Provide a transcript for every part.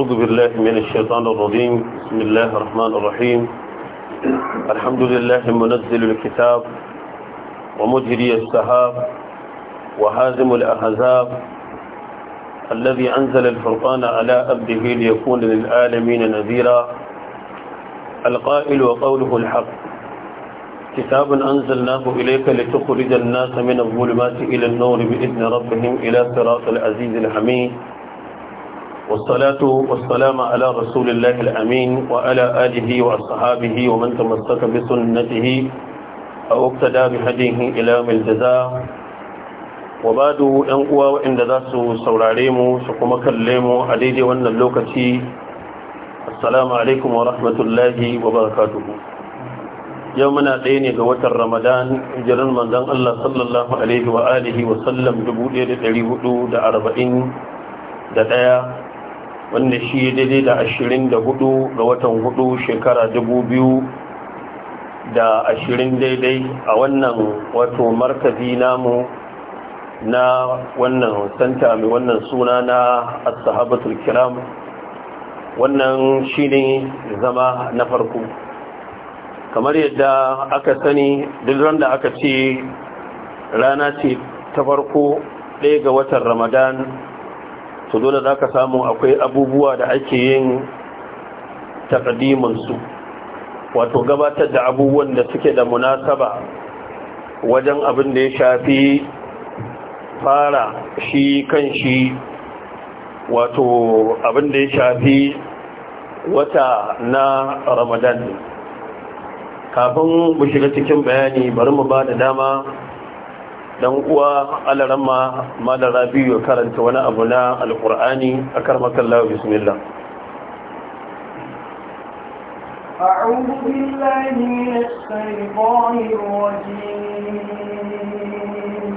أعوذ بالله من الشيطان الرجيم بسم الله الرحمن الرحيم الحمد لله منزل الكتاب ومجري السحاب وهازم الأحزاب الذي أنزل الفرقان على أبده ليكون للعالمين نذيرا القائل وقوله الحق كتاب أنزلناه إليك لتخرج الناس من الظلمات إلى النور بإذن ربهم إلى صراط العزيز الحميد والصلاة والسلام على رسول الله الأمين وعلى آله وأصحابه ومن تمسك بسنته أو اقتدى بهديه إلى الجزاء وبعد أن قوى وإن داسوا سوراريمو سكما كلمو عديد وأن اللوكة السلام عليكم ورحمة الله وبركاته يومنا ديني قوة رمضان جرن من دان الله صلى الله عليه وآله وسلم جبوئي لتريبوئي دا أربعين دا ɗaya wanda shi ya daidai da ashirin da hudu ga watan hudu shekara dubu biyu da ashirin daidai a wannan wato markazi namu na wannan santa mai wannan suna na asahabatul kiram wannan shi ne zama na farko kamar yadda aka sani duk da aka ce rana ce ta farko ɗaya ga watan ramadan to dole za ka samu akwai abubuwa da ake yin su wato gabatar da abubuwan da suke da munasaba wajen abin da ya shafi fara shi kan shi wato abin da ya shafi wata na ramadan kafin mu shiga cikin bayani bari mu ba da dama dan uwa alarama malara biyu ya karanta wani abu na alkur'ani a karmakan lawa bismillah أعوذ بالله من الشيطان الرجيم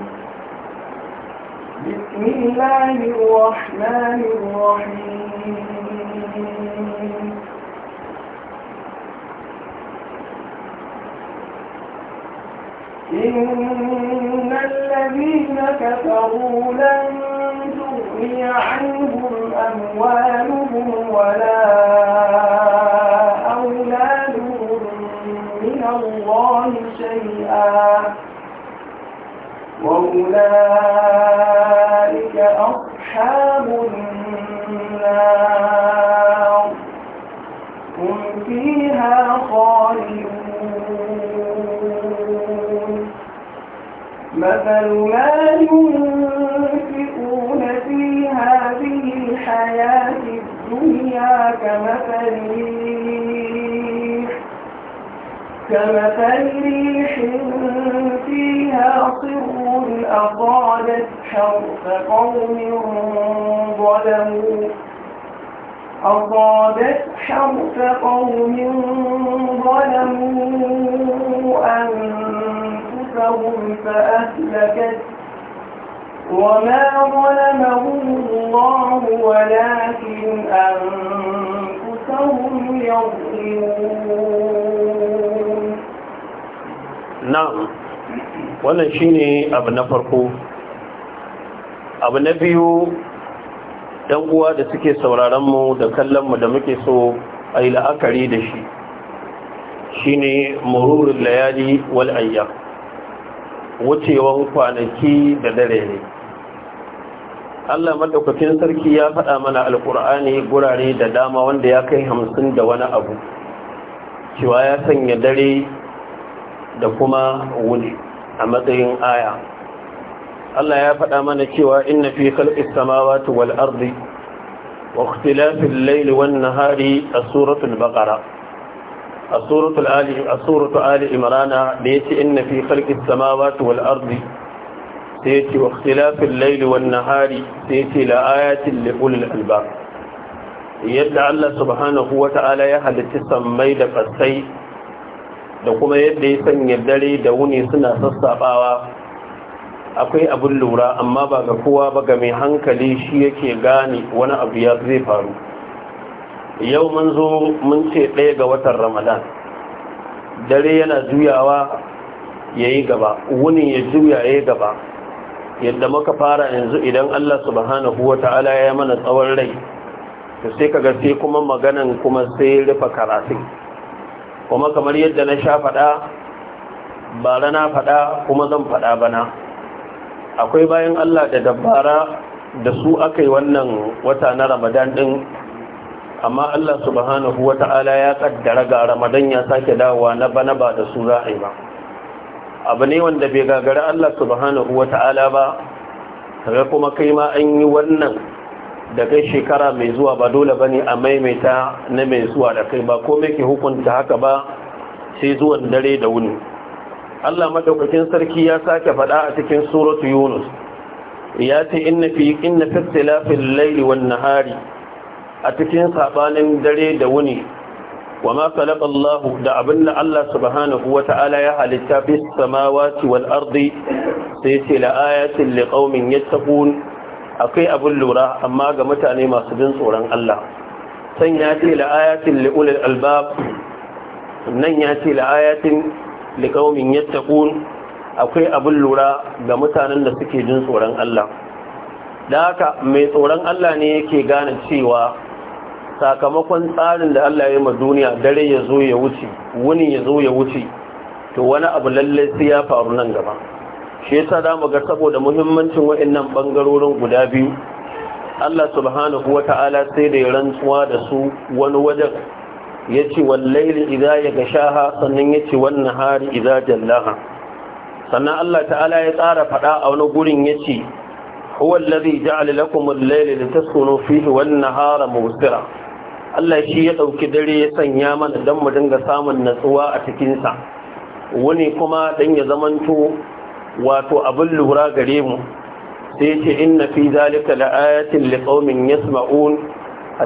بسم الله الرحمن الرحيم الذين كفروا لن تغني عنهم أموالهم ولا أولادهم من الله شيئا وأولئك أصحاب النار هم فيها خالدون مثل ما ينفقون في هذه الحياة الدنيا كمثل كمثل ريح فيها صر أضالت حرث قوم ظلموا أضادت حرث قوم ظلموا قبلهم فأهلكت وما ظلمهم الله ولكن أنفسهم يظلمون نعم wannan shine abu na farko abu na biyu ɗan uwa da suke sauraronmu da kallonmu da muke so a yi la'akari da shi Shi ne mururin layali wal'ayyar wucewan kwanaki da dare ne Allah madaukakin sarki ya faɗa mana alkur'ani gurare da dama wanda ya kai hamsin da wani abu cewa ya sanya dare da kuma wuni a matsayin aya Allah ya faɗa mana cewa inna fi khalqis samawati wal ardi wa ikhtilafil layli wannan hari a suratul baƙara السورة آل السورة آل إمرانا ليس إن في خلق السماوات والأرض سيتي واختلاف الليل والنهار سيتي لآيات لأولي الألباب يدعى الله سبحانه وتعالى يهد تسمي لقصي لكما يدعي سن يدري دوني سنة سساباوا akwai abin lura amma ba ga kowa ba ga mai hankali shi yake gane wani yau mun zo mun ce ɗaya ga watan ramadan dare yana juyawa ya yi gaba wuni ya juya ya yi gaba yadda muka fara yanzu idan allah subhanahu wa ta'ala ya mana tsawon rai ta sai ka sai kuma maganan kuma sai rufa karatun kuma kamar yadda na sha faɗa ba rana faɗa kuma zan faɗa bana akwai bayan allah da dabara da su aka yi wannan wata na ramadan ɗin amma Allah subhanahu Ta'ala ya kaddara ga Ramadan ya sake dawowa na bana ba da su za ba abu ne wanda bai gagara Allah subhanahu Ta'ala ba kaga kuma kai ma an yi wannan da kai shekara mai zuwa ba dole bane a maimaita na mai zuwa da kai ba komai ke hukunta haka ba sai zuwan dare da wuni Allah madaukakin sarki ya sake faɗa a cikin suratu Yunus ya ce inna fi inna fi ikhtilafil layli wan nahari a cikin sabanin dare da wuni wa ma khalaqa da abinda Allah subhanahu wata'ala ya halitta bis samawati wal ardi sai ce la ayatin qaumin yattaqun akwai abin lura amma ga mutane masu jin tsoron Allah san ya ce la ayatin ulil albab nan ya ce la ayatin qaumin yattaqun akwai abin lura ga mutanen da suke jin tsoron Allah da haka mai tsoron Allah ne yake gane cewa sakamakon tsarin da Allah ya ma duniya dare ya zo ya wuce wuni ya zo ya wuce to wani abu lallai sai ya faru nan gaba shi yasa da mu ga saboda muhimmancin waɗannan bangarorin guda biyu Allah subhanahu Ta'ala sai da ya rantsuwa da su wani wajen yace wallahi idza yaghshaha sannan ce wannan hari idza jallaha sannan Allah ta'ala ya tsara fada a wani gurin ya yace huwa allazi ja'ala lakum al-layla litaskunu fihi wan nahara mubsira Allah shi ya ɗauki dare ya sanya mana don mu dinga samun natsuwa a cikinsa wani kuma don ya zamanto wato abin lura gare mu sai ce inna fi zalika la'ayatin liqaumin yasma'un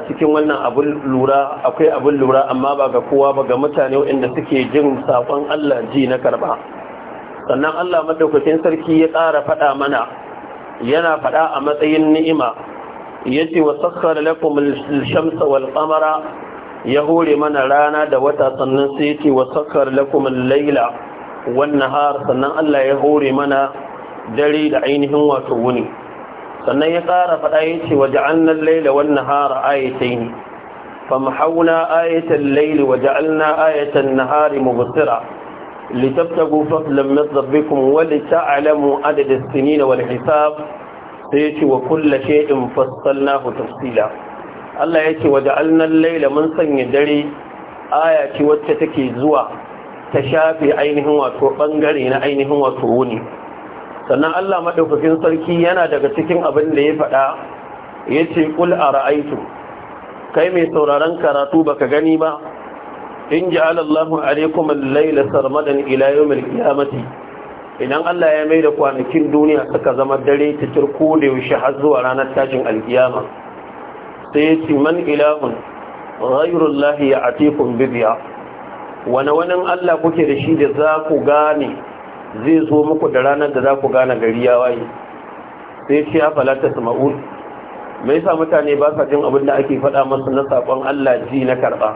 a cikin wannan abin lura akwai abin lura amma ba ga kowa ba ga mutane waɗanda suke jin saƙon Allah ji na karba sannan Allah madaukakin sarki ya ƙara faɗa mana yana faɗa a matsayin ni'ima yace wa sakhkhara lakum al-shamsa wal qamara ya hore mana rana da wata sannan sai yace wa sakhkhara lakum al-layla wan nahar sannan Allah ya hore mana dare da ainihin wato wuni sannan ya ƙara faɗa yace wa ja'alna al-layla wan nahara ayatayn فمحونا آية الليل وجعلنا آية النهار مبصرة لتبتغوا فضلا من ربكم ولتعلموا عدد السنين والحساب sai ya ce wa kulla shay'in fassalnahu tafsila Allah ya ce waje ja'alna Laila mun sanya dare aya ce wacce take zuwa ta shafe ainihin wato bangare na ainihin wato wuni sannan Allah maɗaukakin sarki yana daga cikin abin da ya faɗa yace a ra'aitu. kai mai sauraron karatu baka gani ba in ja'ala Allahu alaykum al sarmadan ila yawm al-qiyamati idan Allah ya mai da kwanakin duniya suka zama dare ta ko da yaushe har zuwa ranar tashin alkiyama sai ya ce man ilahun a tekun bibiya wani wani Allah kuke da shi da za ku gane zai zo muku da ranar da za ku gane gari ya waye sai ce ya falata ma'ul me sa mutane ba sa jin abin da ake faɗa masu na saƙon Allah ji na karɓa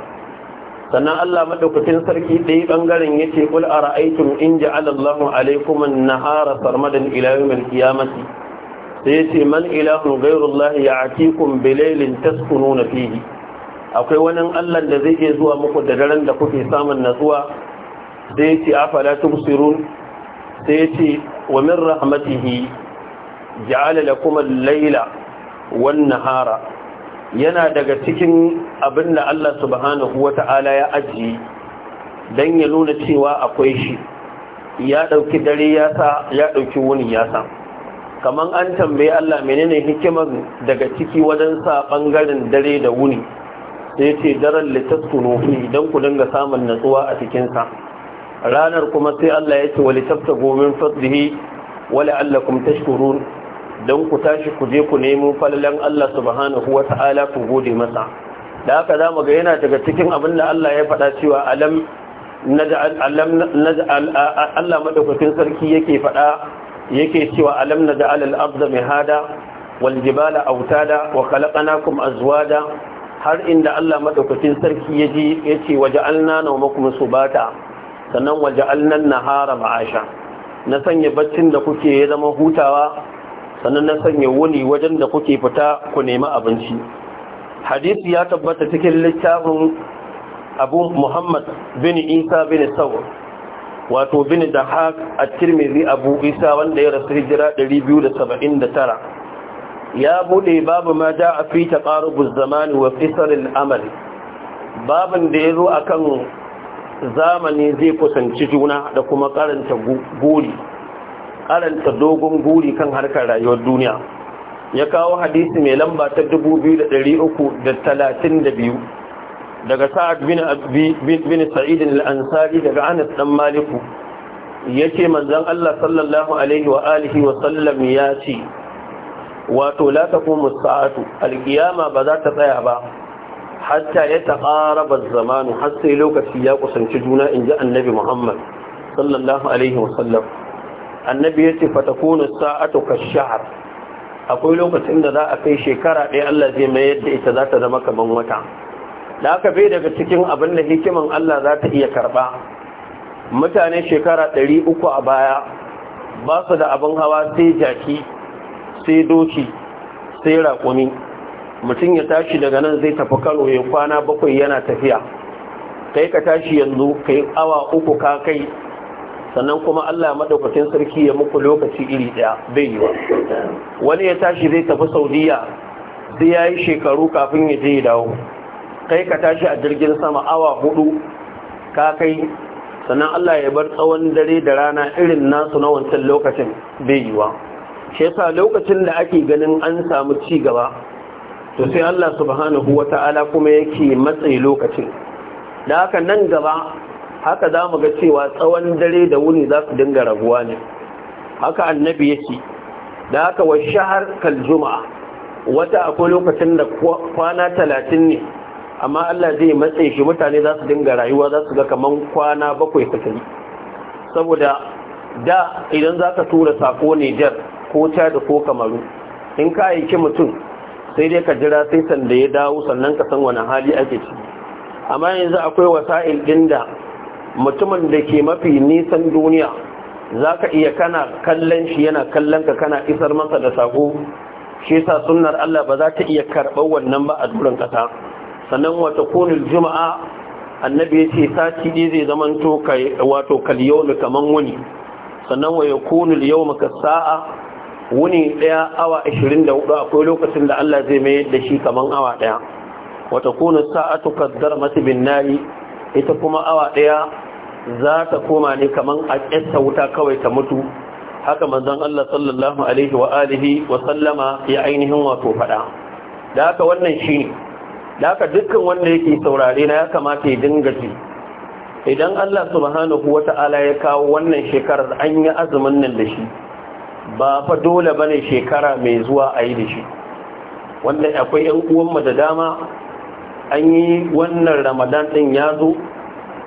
sannan Allah madaukakin sarki ɗaya bangaren yace kul ara'aytum in ja'ala Allahu alaikum nahara sarmadan ila yawmil qiyamati sai yace man ilahun ghayru Allah ya'tikum bilaylin taskununa fihi akwai wani Allah da zai iya zuwa muku da daren da kuke samun natsuwa sai a afala tubsirun sai yace wa min rahmatihi ja'ala lakum al-layla wan-nahara yana daga cikin abin da Allah subhanahu Ta'ala ya ajiye don ya nuna cewa akwai shi ya ɗauki dare ya sa ya ɗauki wuni ya sa kamar an tambayi Allah menene hikimar daga ciki wajen sa ɓangaren dare da wuni sai ce daren littattunu don ku dinga samun natsuwa a cikinsa ranar kuma sai Allah ya ce wa littattago min fadlihi wala'allakum tashkurun don ku tashi ku je ku nemo falalan Allah subhanahu wa ta'ala ku gode masa da haka zamu ga yana daga cikin abin da Allah ya faɗa cewa alam naj'al Allah madaukakin sarki yake faɗa yake cewa alam naj'al al-ardha mihada wal jibala awtada wa khalaqnakum azwada har inda Allah madaukakin sarki yaji yace waja'alna nawmakum subata sannan waja'alna an-nahara ma'asha na sanya baccin da kuke ya zama hutawa sannan na sanya wuni wajen da kuke fita ku nemi abinci hadisi ya tabbata cikin littafin abu muhammad bin isa bin saur wato bin da haq a tirmidhi abu isa wanda ya rasu hijira 279 ya bude babu ma da a fi taqarubuz zamani wa fisalil amali babin da ya zo akan zamani zai kusanci juna da kuma karanta guri karanta dogon guri kan harkar rayuwar duniya ya kawo hadisi mai lamba ta 2332 daga sa'ad bin sa'idin al'ansari daga anas ɗan maliku ya ce manzan Allah sallallahu alaihi wa alihi wa sallam ya ce wato la ta kuma sa'atu alkiyama ba za ta tsaya ba hatta ya ba zamanu har sai lokaci ya kusanci juna in ji annabi muhammad sallallahu alaihi wa sallam annabi ya ce fatakunu sa'atu kashahar akwai lokacin da za a kai shekara ɗaya Allah zai mai yadda ita za ta zama kaman wata da aka bai daga cikin abin da hikiman Allah za ta iya karɓa mutane shekara ɗari uku a baya ba su da abin hawa sai jaki sai doki sai raƙumi mutum ya tashi daga nan zai tafi kano ya kwana bakwai yana tafiya kai ka tashi yanzu kai awa uku ka kai sannan kuma Allah madaukakin sarki ya muku lokaci iri daya bai yi wani ya tashi zai tafi saudiya zai ya yi shekaru kafin ya je ya dawo kai ka tashi a jirgin sama awa hudu ka kai sannan Allah ya bar tsawon dare da rana irin nasu na wancan lokacin bai yi wa shi yasa lokacin da ake ganin an samu ci gaba to sai Allah subhanahu wata'ala kuma yake matsayi lokacin da haka nan gaba haka za mu ga cewa tsawon dare da wuni za su dinga raguwa ne haka annabi yake da haka wa shahar kal wata akwai lokacin da kwana talatin ne amma Allah zai matse shi mutane za su dinga rayuwa za su ga kamar kwana bakwai suka saboda da idan za ka tura sako Nijar ko Chad ko Kamaru in ka aiki mutum sai dai ka jira sai sanda ya dawo sannan ka san wani hali ake ci amma yanzu akwai wasa'il din da mutumin da ke mafi nisan duniya za ka iya kana kallon shi yana kallon ka kana isar masa da sako shi sa sunnar Allah ba za ta iya karɓar wannan ba a duran ƙasa sannan wata kunul juma'a annabi ya ce sati ɗaya zai zama to wato kalyonu kaman wuni sannan wa yakunul yawma sa'a wuni ɗaya awa hudu akwai lokacin da Allah zai mayar da shi kaman awa ɗaya wata sa'a sa'atu qaddar masibin nari ita kuma awa ɗaya za ta koma ne kaman a ƙyasta wuta kawai ta mutu haka manzon Allah sallallahu alaihi wa alihi wa sallama ya ainihin wato faɗa da haka wannan shi ne. da haka dukkan wanda yake saurare na ya kamata ya dinga ji idan Allah subhanahu wa ta'ala ya kawo wannan shekarar an yi azumin nan da shi ba fa dole bane shekara mai zuwa ayi yi da shi wanda akwai 'yan uwanmu da dama an yi wannan ramadan ɗin ya zo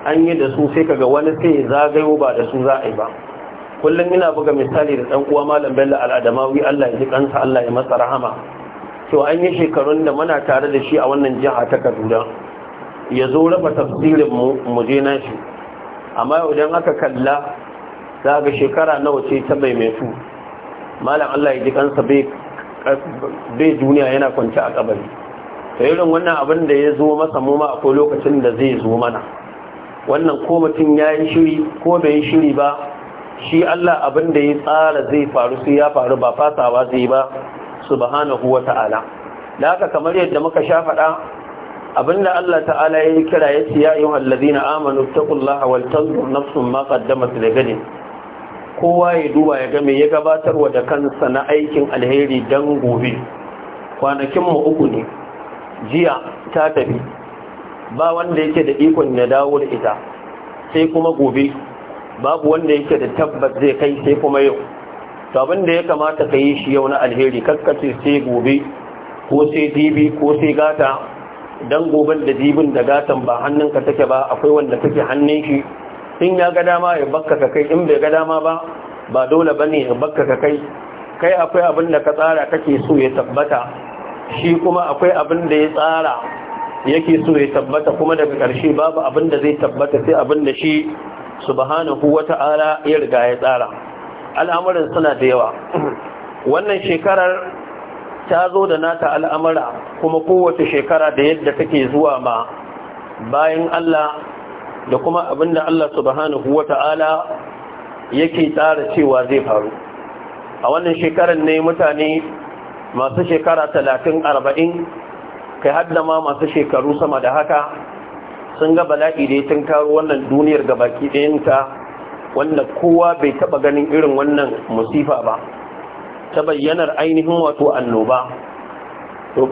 an yi da su sai kaga wani sai zagayo ba da su za a yi ba kullum ina buga misali da ɗan uwa malam bello al'adamawi allah ya ji kansa allah ya masa rahama to an yi shekarun da muna tare da shi a wannan jiha ta kaduna ya zo raba tafsirin mu je na shi amma idan aka kalla za ga shekara nawa ce ta mai mai malam allah ya ji kansa bai duniya yana kwanci a kabari ta irin wannan abin da ya zo masa muma akwai lokacin da zai zo mana wannan ko mutum ya yi shiri ko bai yi shiri ba shi Allah abin da ya tsara zai faru su ya faru ba fasawa zai ba su subhanahu wa ta'ala da haka kamar yadda muka sha faɗa da Allah ta'ala ya yi kira ya ce ya yi wallazina amanu taqullaha wal tanzur nafsun ma qaddamat li kowa ya duba ya ga me ya wa da kansa na aikin alheri dan gobe kwanakin mu uku ne jiya ta tafi ba wanda yake da ikon ya dawo da ita sai kuma gobe babu wanda yake da tabbas zai kai sai kuma yau to abin da ya kamata ka yi shi yau na alheri kakkace sai gobe ko sai dibi ko sai gata dan goben da dibin da gatan ba hannunka take ba akwai wanda take hannun shi in ya ga dama ya bakka ka kai in bai ga dama ba ba dole bane ya bakka ka kai kai akwai abin da ka tsara kake so ya tabbata shi kuma akwai abin da ya tsara yake so ya tabbata kuma daga ƙarshe babu abin da zai tabbata sai abin da shi subhanahu wata'ala ya riga ya tsara al'amuran suna da yawa wannan shekarar ta zo da nata al'amura kuma kowace shekara da yadda take zuwa ma bayan Allah da kuma abin da Allah subhanahu wata'ala yake tsara cewa zai faru a wannan shekarar ne mutane masu shekara talatin arba'in kai ma masu shekaru sama da haka sun ga bala'i da ya tunkaro wannan duniyar ga baki ɗayanta wanda kowa bai taɓa ganin irin wannan musifa ba ta bayyanar ainihin wato annoba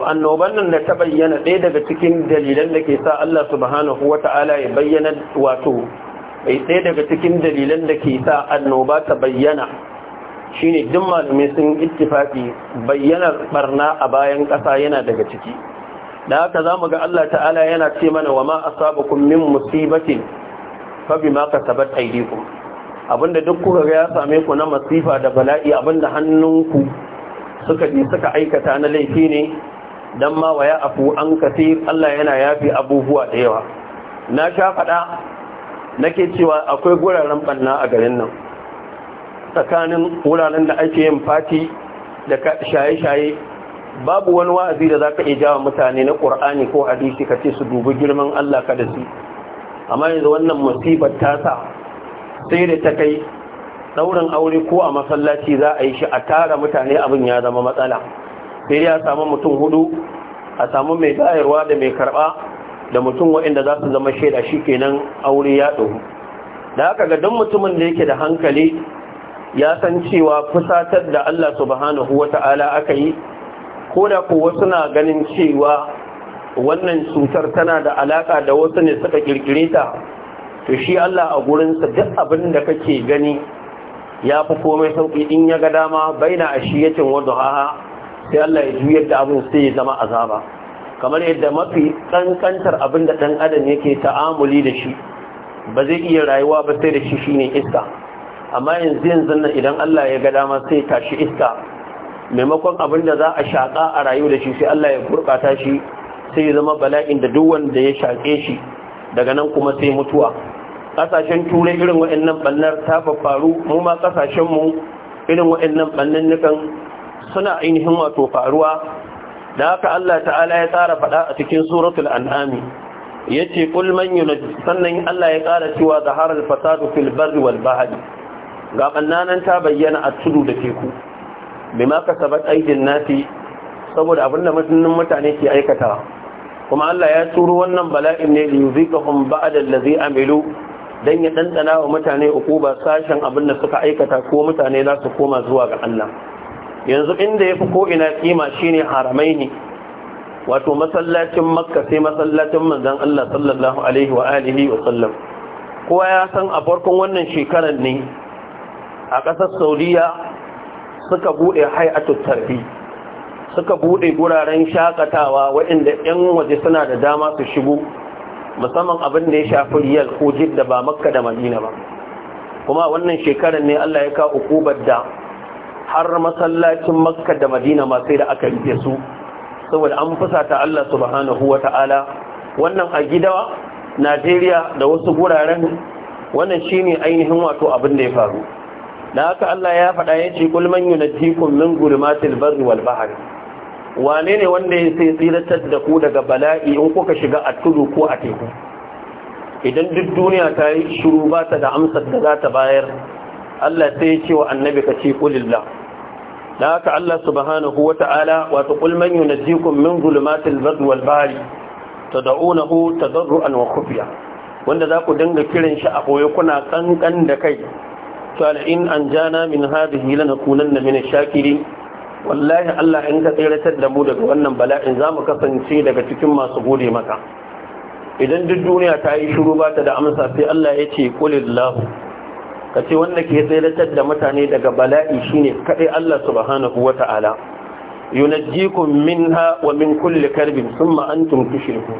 annoban nan da ta bayyana ɗaya daga cikin dalilan da ke sa Allah subhanahu wata'ala ya bayyana wato ɗaya daga cikin dalilan da ke sa annoba ta bayyana Shi ne duk malamai sun ittifafi bayyanar barna a bayan ƙasa yana daga ciki da haka za mu ga Allah ta'ala yana ce mana wa ma asabakum min musibatin fa bima kasabat aydikum abinda duk kuka ga ya same ku na masifa da bala'i abinda hannunku suka je suka aikata na laifi ne dan ma waya afu an kasir Allah yana yafi abubuwa da yawa na sha faɗa nake cewa akwai guraren banna a garin nan tsakanin wuraren da ake yin fati da shaye-shaye babu wani wa'azi da zaka iya jawa mutane na ƙur'ani ko hadisi ka ce su dubi girman Allah ka da su amma yanzu wannan musibar ta sa sai da ta kai ɗaurin aure ko a masallaci za a yi shi a tara mutane abin ya zama matsala sai ya samu mutum hudu a samu mai bayarwa da mai karɓa da mutum waɗanda za su zama shaida shi kenan aure ya ɗau da haka ga don mutumin da yake da hankali ya san cewa fusatar da Allah subhanahu Ta'ala aka yi ko da kuwa suna ganin cewa wannan cutar tana da alaka da wasu ne suka kirkire ta to shi Allah a gurinsa duk abin da kake gani ya fi komai sauƙi in ya ga dama baina ashiyatin wa duhaha sai Allah ya juyar da abin sai ya zama azaba kamar yadda mafi kankantar abin da dan adam yake ta'amuli da shi ba zai iya rayuwa ba sai da shi shine iska amma yanzu yanzu nan idan Allah ya ga dama sai tashi iska maimakon abin da za a shaƙa a rayu da shi sai Allah ya gurɓata shi sai zama bala'in da duk wanda ya shaƙe shi daga nan kuma sai mutuwa ƙasashen turai irin waɗannan ɓannar ta faru mu ma ƙasashenmu irin waɗannan ɓannan nukan suna ainihin wato faruwa da haka Allah ta'ala ya tsara faɗa a cikin suratul an'ami yace qul man sannan Allah ya ƙara cewa zaharar fasadu fil barri wal bahari ga ɓannanan ta bayyana a tudu da teku bai maka kasabat aikin nasi saboda abinda mutunin mutane ke aikata kuma Allah ya turo wannan bala'in ne da yuziqahum da allazi amilu don ya ɗanɗana wa mutane ukuba sashen abin da suka aikata ko mutane za su koma zuwa ga Allah yanzu inda ya fi ko'ina kima shine ne. wato masallacin makka sai masallacin manzon Allah sallallahu alaihi wa alihi wa sallam kowa ya san a farkon wannan shekarar ne a ƙasar saudiya suka buɗe hayatul tarbi suka buɗe guraren shakatawa waɗanda 'yan waje suna da dama su shigo musamman abin da ya shafi riyal ko jidda ba makka da madina ba kuma wannan shekarar ne allah ya kawo ukubar da har masallacin makka da madina ma sai da aka rufe su saboda an fusata allah subhanahu wa ta'ala wannan a gida najeriya da wasu guraren wannan shine ainihin wato abin da ya faru da haka Allah ya faɗa ya ce kul man yunajjikum min gulmatil barri wal wane ne wanda ya sai tsiratar da ku daga bala'i in kuka shiga a tudu ko a teku idan duk duniya ta yi shiru ba ta da amsa da za ta bayar Allah sai ya ce wa annabi ka ce kulillah da haka Allah subhanahu wata'ala wato kulman man yunajjikum min gulmatil barri wal bahr tad'unahu tadarruan wa khufiya wanda za ku dinga kiran shi a koyo kuna kankan da kai salihin an jana min na lanakunanna min ash-shakirin wallahi Allah in ka tsiratar da mu daga wannan bala'in zamu kasance daga cikin masu gode maka idan duk duniya ta yi shiru bata da amsa sai Allah ya ce qulillahu ka ce wanda ke tsiratar da mutane daga bala'i shine kaɗai Allah subhanahu wata'ala yunajjikum minha wa min kulli karbin an antum tushrikun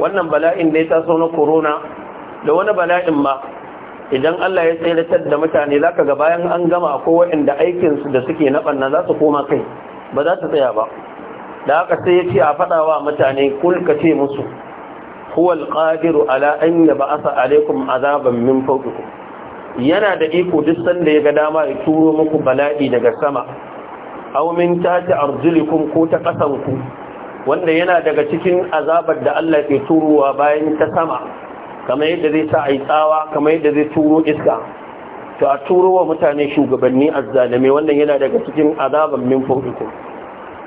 wannan bala'in dai ta na korona. da wani bala'in ma idan Allah ya tar da mutane za ka ga bayan an gama akwai waɗanda aikinsu da suke na ɓanna za su koma kai ba za su tsaya ba da haka sai ya ce a faɗawa mutane kulka ce musu huwal ƙadiru ala an yab'atha alaikum azaban min fauƙiku yana da iko duk sanda ya ga dama ya turo muku bala'i daga sama au min tahti arjulikum ko ta kasan ku wanda yana daga cikin azabar da Allah ke turowa bayan ta sama kamar yadda zai sa a yi tsawa kamar yadda zai turo iska to a turo wa mutane shugabanni zalame wannan yana daga cikin azaban min fawqikum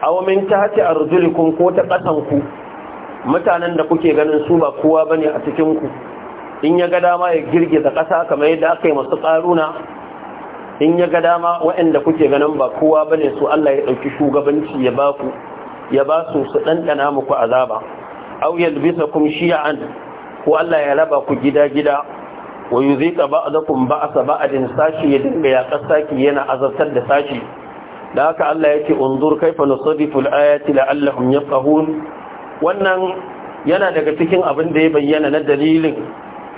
ta min a rujulikun ko ta ƙasanku? mutanen da kuke ganin su ba kowa ba ne a cikin in ya ga dama ya girgiza ƙasa kamar yadda aka yi masu karuna in ya ga dama waɗanda kuke ganin ba kowa ba ne su Allah ya ɗauki shugabanci ya ba su su dandana muku azaba bisa kum shi'an ko Allah ya raba ku gida-gida wa yuzika ba'dakum ba'sa ba'din sashi ya dinga ya kasaki yana azabtar da sashi da haka Allah ya yake unzur kaifa nusadifu al-ayati la'allahum yafqahun wannan yana daga cikin abin da ya bayyana na dalilin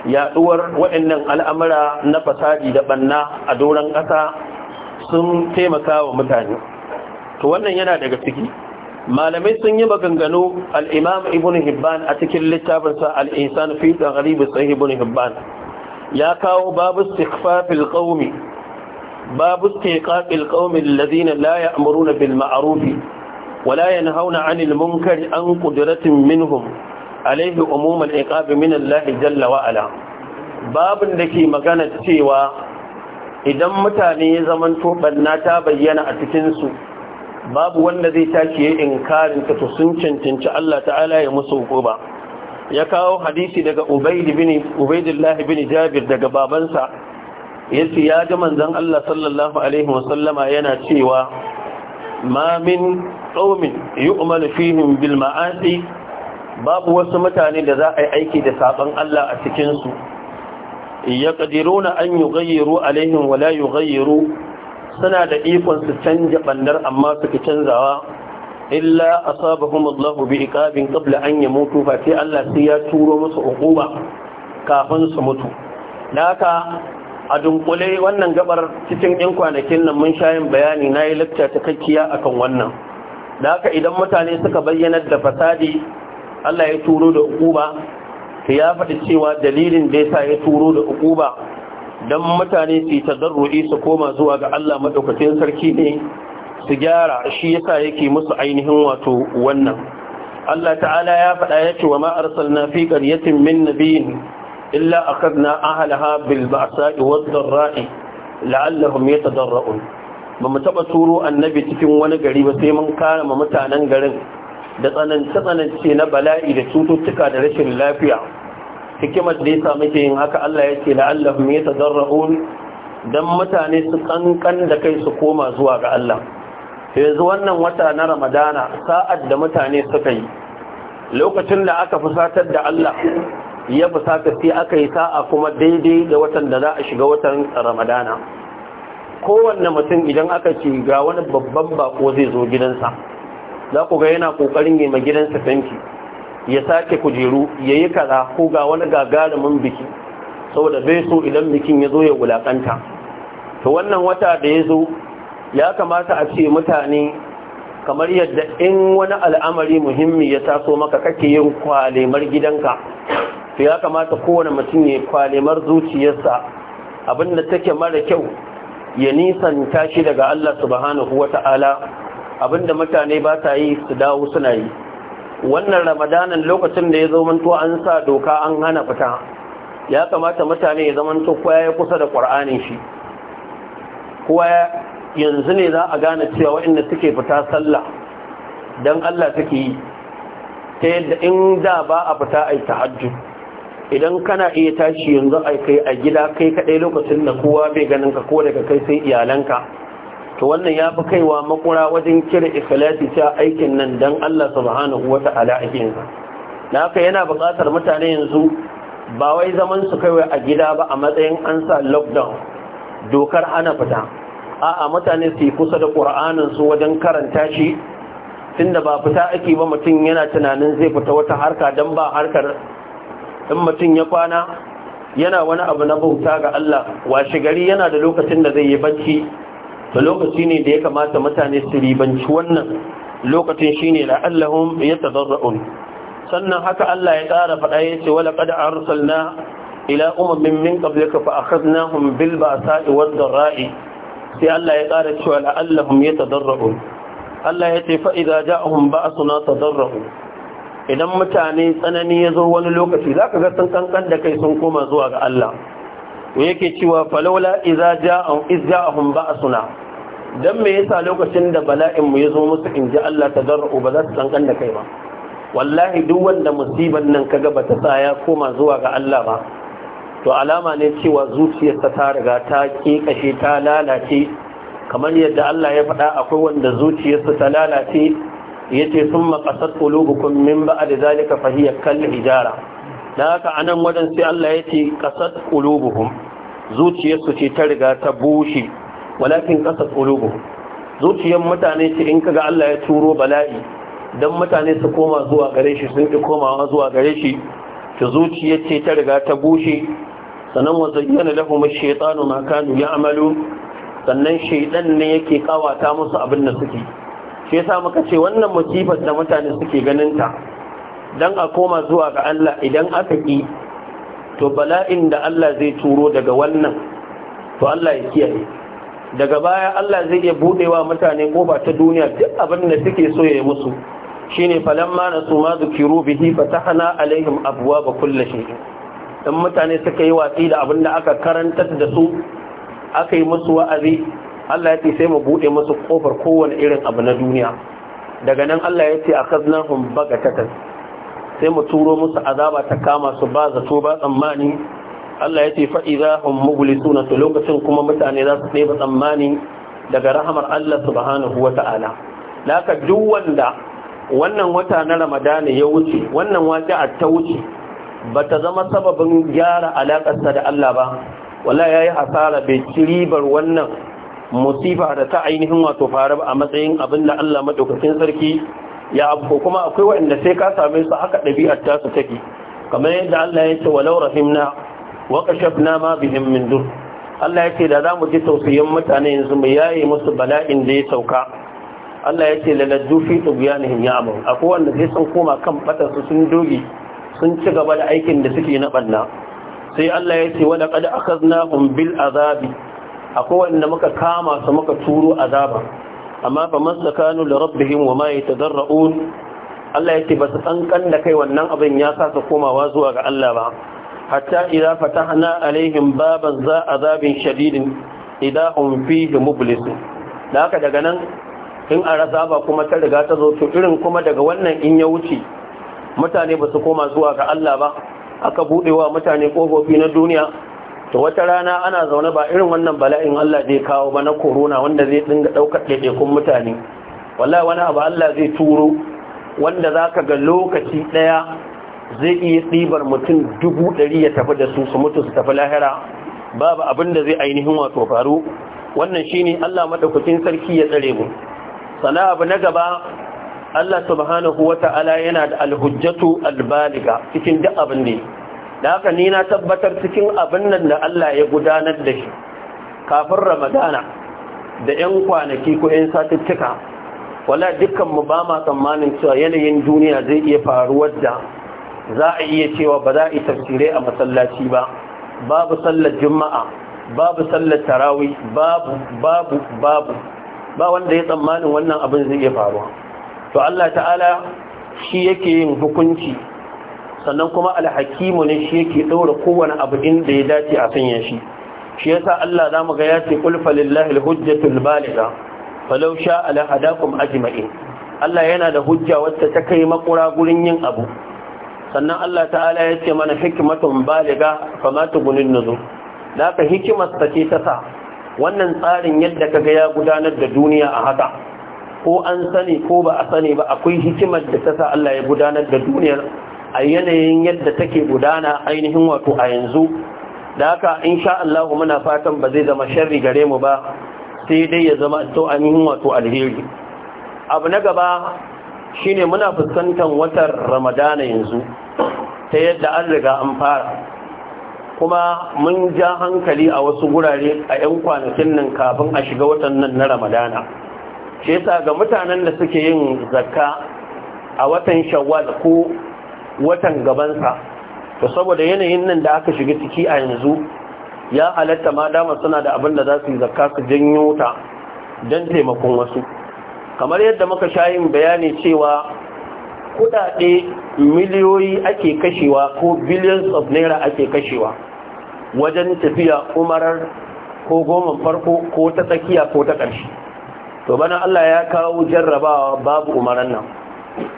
yaduwar waɗannan al'amura na fasadi da banna a doron ƙasa sun taimaka wa mutane to wannan yana daga ciki malamai sun yi maganganu al'imam ibn hibban a cikin littafinsa al'insan fi ɗan sai ibn hibban ya kawo babu stikfafil ƙaumi babu stikfafil ƙaumi lalazina la amuru na bil ma'arufi wala ya hauna anil munkari an ƙuduratin minhum alaihi umuman iqabi min Allah jalla wa ala babin da ke magana cewa idan mutane ya zamanto ɓanna ta bayyana a cikinsu babu wanda zai tashi ya inkarin ta to sun cancanci Allah ta'ala ya musu ba ya kawo hadisi daga Ubayd bin bin Jabir daga babansa yace ya ga manzon Allah sallallahu alaihi wasallama yana cewa ma min qaumin yu'malu fihim bil ma'asi babu wasu mutane da za a yi aiki da sabon Allah a cikin su yaqdiruna an yughayyiru alaihim wa la yughayyiru suna da ikon su canja bandar amma suka canzawa illa asabahum Allah bi iqabin qabla an yamutu fa sai Allah sai ya turo musu uquba kafin su mutu haka a dunkule wannan gabar cikin yan kwanakin nan mun shayin bayani nayi lakta ta kakkiya akan wannan haka idan mutane suka bayyana da fasadi Allah ya turo da uquba sai ya faɗi cewa dalilin da yasa ya turo da uquba don mutane su yi su koma zuwa ga Allah maɗaukacin sarki ne su gyara shi yasa yake musu ainihin wato wannan Allah ta'ala ya faɗa ya ce wa ma arsalna fi qaryatin min nabiyyin illa akhadna ahlaha bil ba'sa'i wad dharra'i la'allahum yatadarra'un ba mu taɓa turo annabi cikin wani gari ba sai mun kare ma mutanen garin da tsanance tsanance na bala'i da cututtuka da rashin lafiya hikimar da yasa muke yin haka Allah yake la'allahum yatadarrun dan mutane su kankan da kai su koma zuwa ga Allah yanzu wannan wata na Ramadana sa'ad da mutane suka yi lokacin da aka fusatar da Allah ya fusata sai aka yi sa'a kuma daidai da watan da za a shiga watan Ramadana kowanne mutum idan aka ce ga wani babban bako zai zo gidansa za ku ga yana kokarin yi ma gidansa fenti. ya sake kujeru ya yi kaza ko ga wani gagarumin biki saboda bai so idan bikin ya zo ya wulakanta to wannan wata da ya zo ya kamata a ce mutane kamar yadda in wani al'amari muhimmi ya taso maka kake yin kwalemar gidanka to ya kamata kowane mutum ya kwalemar zuciyarsa abin da take mara kyau ya nisan tashi daga Allah subhanahu wata'ala da mutane ba ta yi su dawo suna yi wannan ramadanan lokacin da ya zamanto an sa doka an hana fita ya kamata mutane ya zamanto kowa ya kusa da ƙwar'anin shi Kuwa yanzu ne za a gane cewa waɗanda suke fita sallah don Allah suke yi ta yadda in da ba a fita a yi tahajjud idan kana iya tashi yanzu a kai a gida kai kaɗai lokacin da kowa bai ganin ka ko daga kai sai iyalanka to wannan ya fi kaiwa makura wajen kira ikhlasi ta aikin nan dan Allah subhanahu wa ta'ala ake na haka yana buƙatar mutane yanzu ba wai zaman su kaiwa a gida ba a matsayin an sa lockdown dokar ana fita a'a mutane su yi kusa da ƙur'anin su wajen karanta shi Tun da ba fita ake ba mutum yana tunanin zai fita wata harka don ba harkar in mutum ya kwana yana wani abu na bauta ga Allah washe gari yana da lokacin da zai yi bacci to lokaci ne da ya kamata mutane su ribanci wannan lokacin shine la'allahum yatadarrun sannan haka Allah ya tsara faɗa yace wala qad arsalna ila umamin min qablika fa akhadnahum bil ba'sa'i wad dharra'i sai Allah ya tsara cewa la'allahum yatadarrun Allah ya ce fa idza ja'ahum ba'suna tadarru idan mutane tsanani ya zo wani lokaci zaka ga sun kankan da kai sun koma zuwa ga Allah yake cewa falaula idza ja'ahum idza ja'ahum ba'suna dan me yasa lokacin da bala'in mu ya zo musu in ji Allah zarra ba za su kankan da kai ba wallahi duk wanda musibar nan kaga ba ta tsaya koma zuwa ga Allah ba to alama ne cewa zuciyarsa ta riga ta kashe ta lalace kamar yadda Allah ya faɗa akwai wanda zuciyarsa ta lalace yace summa qasat qulubukum min ba'd zalika fa hiya kal hijara dan haka anan wajen sai Allah yace qasat qulubuhum zuciyarsu ce ta riga ta bushe walakin qasat ulubu zuciyar mutane ce in kaga Allah ya turo bala'i dan mutane su koma zuwa gare shi sun ki komawa zuwa gare shi ta zuciyar ce ta riga ta bushe sannan wa zayyana lahum ash-shaytanu ma kanu ya'malu sannan shaytan ne yake kawata musu abin da suke shi yasa muka ce wannan musibar da mutane suke ganin ta dan a koma zuwa ga Allah idan aka ki to bala'in da Allah zai turo daga wannan to Allah ya kiyaye daga baya Allah zai iya buɗewa mutane kofa ta duniya duk abin da suke so ya yi musu shine falamma nasu ma zukiru bihi fatahna alaihim ba kulli shay dan mutane suka yi watsi da abin da aka karantar da su aka yi musu wa'azi Allah ya ce sai mu buɗe musu kofar kowane irin abu na duniya daga nan Allah ya ce akaznahum bagatatan sai mu turo musu azaba ta kama su ba zato ba tsammani Allah ya ce fa'iza hun suna to lokacin kuma mutane za su ɗaya tsammani daga rahamar Allah subhanahu wa ta'ala. Laka duk wanda wannan wata na Ramadana ya wuce, wannan waƙi'ar ta wuce, ba ta zama sababin gyara alaƙarsa da Allah ba, wala ya yi hasara bai ci ribar wannan musifa da ta ainihin wato faru a matsayin abin da Allah maɗaukacin sarki ya abu kuma akwai waɗanda sai ka same su haka ɗabi'ar tasu take. kamar yadda Allah ya ce walau rahimna wa kashafna ma bihim min dur Allah yace da zamu ji tausayin mutane yanzu mu yaye musu bala'in da ya sauka Allah yace la laddu fi tubyanihim ya'mal akwai wanda sai sun koma kan fatar su sun dogi sun ci gaba da aikin da suke na banna sai Allah yace wa laqad akhadnahum bil azabi akwai wanda muka kama su muka turo azaba amma fa masakanu li rabbihim wa ma yatadarrun Allah yake ba su tsankan da kai wannan abin ya sa su komawa zuwa ga Allah ba hatta idza fatahna alaihim baban za azabin shadidin idza hum fihi mublisun da haka daga nan in a rasa ba kuma ta riga ta zo to irin kuma daga wannan in ya wuce mutane ba su koma zuwa ga Allah ba aka budewa mutane kofofi na duniya to wata rana ana zaune ba irin wannan bala'in Allah zai kawo ba na corona wanda zai dinga daukar daidaikun mutane wallahi wani abu Allah zai turo wanda zaka ga lokaci daya zai iya tsibar mutum dubu ɗari ya tafi da su su mutu su tafi lahira babu abin da zai ainihin wato faru wannan shi ne Allah maɗaukacin sarki ya tsare mu sana abu na gaba Allah subhanahu ta'ala yana da alhujjatu albaliga cikin duk abin ne da haka ni na tabbatar cikin abin nan da Allah ya gudanar da shi kafin Ramadana da 'yan kwanaki ko 'yan satuttuka wala dukkan mu ba ma tsammanin cewa yanayin duniya zai iya faruwar da za a iya cewa ba za a yi tafsirai a masallaci ba babu sallar juma'a babu sallar tarawi babu babu babu ba wanda ya tsammanin wannan abin zai iya faruwa to Allah ta'ala shi yake yin hukunci sannan kuma alhakimu ne shi yake ɗaura kowane abu inda ya dace a sanya shi shi yasa Allah zamu ga ya ce qul falillahi alhujjatul baligha falau sha'a la hadakum ajma'in Allah yana da hujja wacce ta kai makura gurin yin abu sannan Allah ta'ala ya ce mana hikmatun baliga fama tugunin nuzu da ka hikimar ta ce ta wannan tsarin yadda kaga ya gudanar da duniya a haka ko an sani ko ba a sani ba akwai hikimar da ta sa Allah ya gudanar da duniyar a yanayin yadda take gudana ainihin wato a yanzu da haka insha Allah muna fatan ba zai zama sharri gare mu ba sai dai ya zama to ainihin wato alheri abu na gaba shine muna fuskantar watan Ramadana yanzu ta yadda an riga an fara kuma mun ja hankali a wasu gurare a 'yan kwanakin nan kafin a shiga watan nan na ramadana shi yasa ga mutanen da suke yin zakka a watan shawwal ko watan gabansa to saboda yanayin nan da aka shiga ciki a yanzu ya halatta ma dama suna da abin da za su yi zakka su janyo ta don taimakon wasu kamar yadda muka sha yin bayani cewa kudade miliyoyi ake kashewa ko billions of naira ake kashewa wajen tafiya umarar ko goma farko ko ta tsakiya ko ta ƙarshe to bana Allah ya kawo jarrabawa babu umaran nan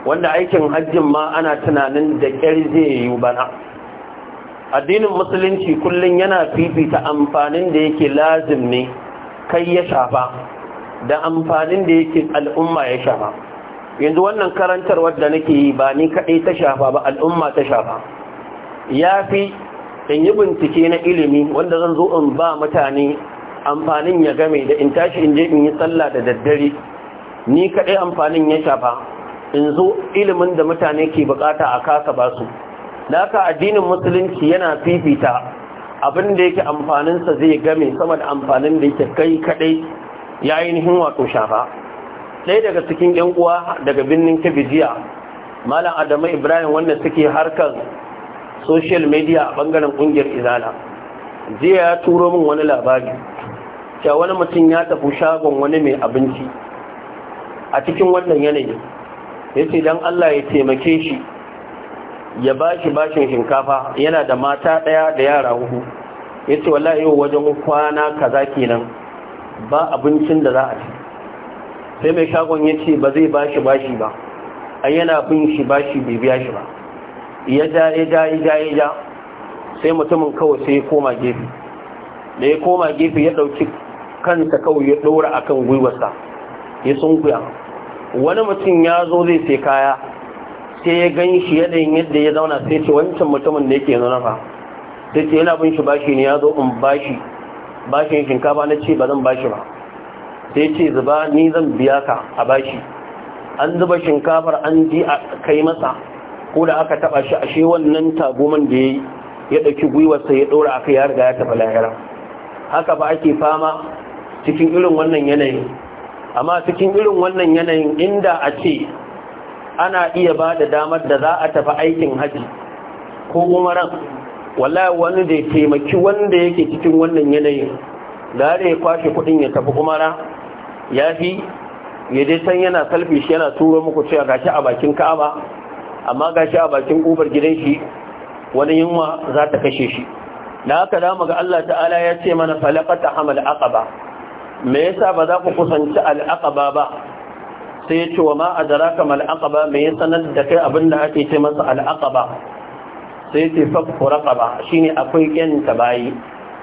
wanda aikin hajjin ma ana tunanin da ƙyar zai yi bana addinin musulunci kullum yana fifita amfanin da yake lazim ne kai ya shafa da amfanin da yake al'umma ya shafa yanzu wannan karantar wadda nake yi ba ni kaɗai ta shafa ba al'umma ta shafa ya fi in yi bincike na ilimi wanda zan zo in ba mutane amfanin ya game da in tashi in je in yi sallah da daddare ni kaɗai amfanin ya shafa in zo ilimin da mutane ke bukata a kasa ba su da haka addinin musulunci yana fifita abin da yake amfaninsa zai game sama da amfanin da yake kai kaɗai ya ainihin wato shafa ɗaya daga cikin yan uwa daga birnin kabijiya malam adamu ibrahim wanda suke harkar social media a bangaren ƙungiyar izala jiya ya turo min wani labari cewa wani mutum ya tafi shagon wani mai abinci a cikin wannan yanayi ya ce don allah ya taimake shi ya bashi bashin shinkafa yana da mata ɗaya da yara huhu ya ce wallahi yau wajen kwana kaza kenan ba abincin da za a ci sai mai shagon ya ce ba zai bashi bashi ba a yana bin shi bashi bai biya shi ba ya ja ya ja ya ja ya ja sai mutumin kawai sai ya koma gefe da ya koma gefe ya ɗauki kansa kawai ya ɗora a kan gwiwarsa ya kuya wani mutum ya zo zai sai kaya sai ya gan shi yanayin yadda ya zauna sai ce wancan mutumin da yake nuna fa sai ce yana bin shi bashi ne ya zo in bashi bashin shinkafa na ce ba zan bashi ba sai ce zuba ni zan biya ka a bashi an zuba shinkafar an ji a kai masa ko da aka taba shi ashe wannan tagoman da ya ya ɗauki gwiwarsa ya ɗora aka ya riga ya tafi lahira haka ba ake fama cikin irin wannan yanayin amma cikin irin wannan yanayin inda a ce ana iya ba da damar da za a tafi aikin haji ko umaran wallahi wani da ya taimaki wanda yake cikin wannan yanayin da ya kwashe kuɗin ya tafi umara ya fi ya dai san yana salfi shi yana turo muku cewa gashi a bakin ka'aba amma gashi a bakin Ubar gidan shi wani yunwa za ta kashe shi da haka da ga Allah ta'ala ya ce mana falaqata hamal aqaba me yasa ba za ku kusanci al aqaba ba sai ya ce wa ma adraka mal aqaba me ya sanar da kai abin da ake ce masa al aqaba sai ya ce fakku raqaba shine akwai kyan bayi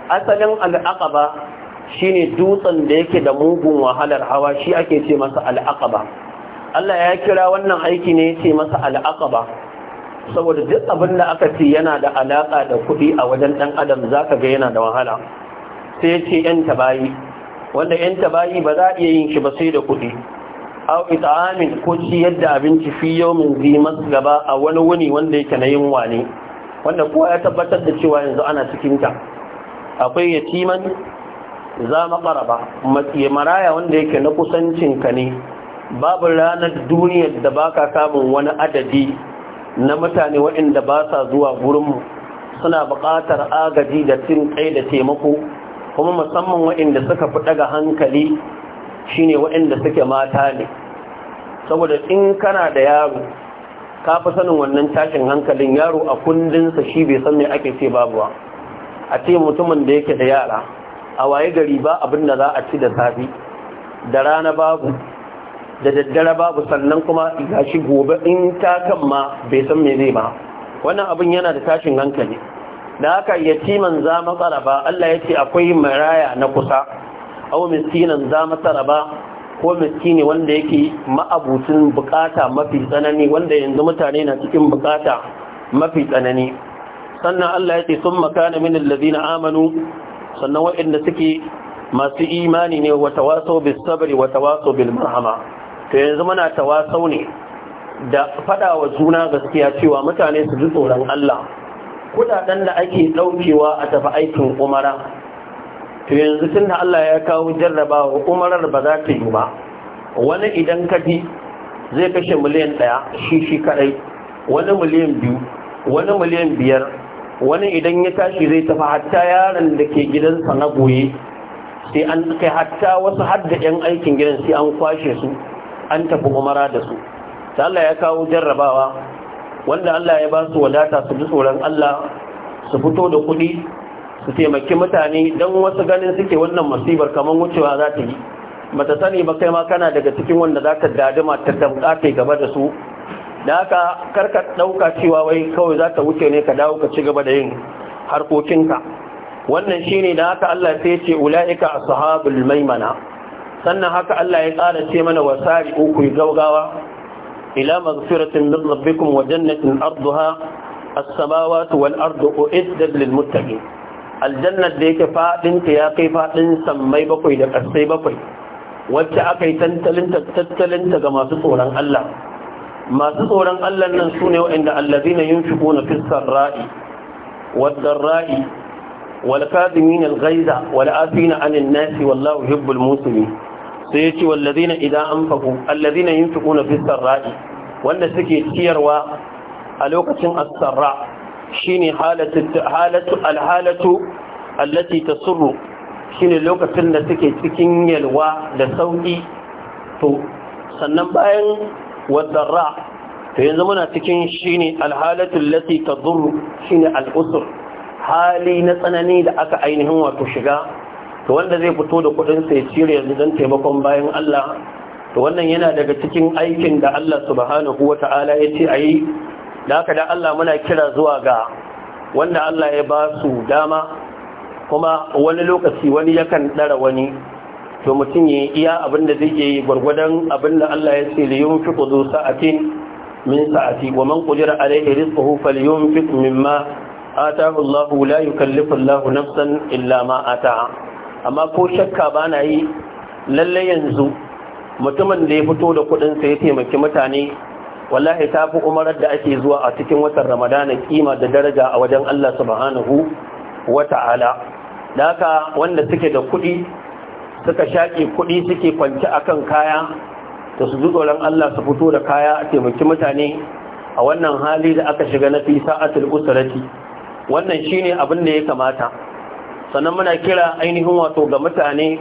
asalin al aqaba shine dutsen da yake da mugun wahalar hawa shi ake ce masa al'aqaba Allah ya kira wannan aiki ne ya ce masa al'aqaba saboda duk abin da aka ce yana da alaka da kuɗi a wajen ɗan adam zaka ga yana da wahala sai ya ce yan tabayi wanda yan tabayi ba za a iya yin shi ba sai da kuɗi aw it'amin ko ciyar da abinci fi yawmin zi gaba a wani wuni wanda yake na yin wane wanda kowa ya tabbatar da cewa yanzu ana cikin ta akwai yatiman za ba, matsiye maraya wanda yake na kusancinka ne babu ranar duniyar da baka samun wani adadi na mutane waɗanda ba sa zuwa gurinmu suna buƙatar agaji da cin kai da taimako kuma musamman waɗanda suka fi ɗaga hankali shine waɗanda suke mata ne saboda in kana da yaro ka fi sanin wannan tashin hankalin yaro a kundinsa shi bai san me ake ce babuwa a ce mutumin da yake da yara a waye gari ba abinda da za a ci da safi da rana babu da daddare babu sannan kuma ga shi gobe in ta kan ma bai san me zai ba. wannan abin yana da tashin hankali da haka yatiman za matsara ba Allah ya ce akwai maraya na kusa au miskinan za matsara ba ko miskini wanda yake ma'abucin bukata mafi tsanani wanda yanzu mutane na cikin bukata mafi tsanani sannan Allah ya ce sun makana min allazina amanu sannan waɗanda suke masu imani ne wa tawaso bil sabri wa tawaso bil marhama to yanzu muna tawaso ne da fada wa juna gaskiya cewa mutane su ji tsoron Allah kudaden da ake daukewa a tafi aikin umara to yanzu tunda Allah ya kawo jarrabawa umarar ba za ta yi ba wani idan ka ji zai kashe miliyan ɗaya shi shi kadai wani miliyan biyu wani miliyan biyar wani idan ya tashi zai tafi hatta yaron da ke gidansa na goye sai an kai hatta wasu hadda yan aikin gidan sai an kwashe su an tafi umara da su ta Allah ya kawo jarrabawa wanda Allah ya ba su wadata su ji tsoron Allah su fito da kuɗi su taimaki mutane don wasu ganin suke wannan masibar kamar wucewa za ta yi mata sani ba kai ma kana daga cikin wanda za ka dadi ta da gaba da su da haka karka ɗauka cewa wai kawai za ta wuce ne ka dawo ka ci gaba da yin harkokinka wannan shine da haka Allah sai ya ce ula'ika ashabul maimana sannan haka Allah ya tsara ce mana wasari uku gaugawa ila maghfiratin min rabbikum wa jannatin arduha as-samawati wal ardu uiddat lil muttaqin aljannat da yake fadin ta ya kai fadin sammai bakwai da karsai bakwai wacce aka yi tantalin tattalin ta ga masu tsoron Allah masu tsoron Allah nan su ne waɗanda allazina yunfiquna na sarra'i wad darra'i wal kadhimin al ghaiza wal afina 'anil nasi wallahu yuhibbul muslimin sai yace wallazina idan anfaqu allazina na fis sarra'i wanda suke ciyarwa a lokacin asarra, shi ne halatu halatu al halatu allati tasurru shine lokacin da suke cikin yalwa da sauƙi, to sannan bayan والضراء فينزمنا تكين شيني الحالة التي تضر شيني Al'usur, hali na tsanani da aka ainihin wato shiga to wanda zai fito da kudin ya cire yanzu don taimakon bayan Allah to wannan yana daga cikin aikin da Allah subhanahu Ta'ala ya ce ayi da haka da Allah muna kira zuwa ga wanda Allah ya ba su dama kuma wani lokaci wani yakan dara wani to mutum ya iya abin da zai yi gwargwadon abin da Allah ya ce li yunfiqu zu sa'atin min sa'ati wa man qadira alayhi rizquhu falyunfiq mimma ataahu Allah la yukallifu Allah nafsan illa ma ataaha amma ko shakka ba na yi lalle yanzu mutumin da ya fito da kuɗin sa ya taimaki mutane wallahi ta fi umarar da ake zuwa a cikin watan ramadana kima da daraja a wajen Allah subhanahu wa ta'ala da haka wanda suke da kuɗi suka shaƙe kuɗi suke kwanci kan kaya da su tsoron Allah su fito da kaya a taimaki mutane a wannan hali da aka shiga na fi sa'atul usrati wannan shine abin da ya kamata sannan muna kira ainihin wato ga mutane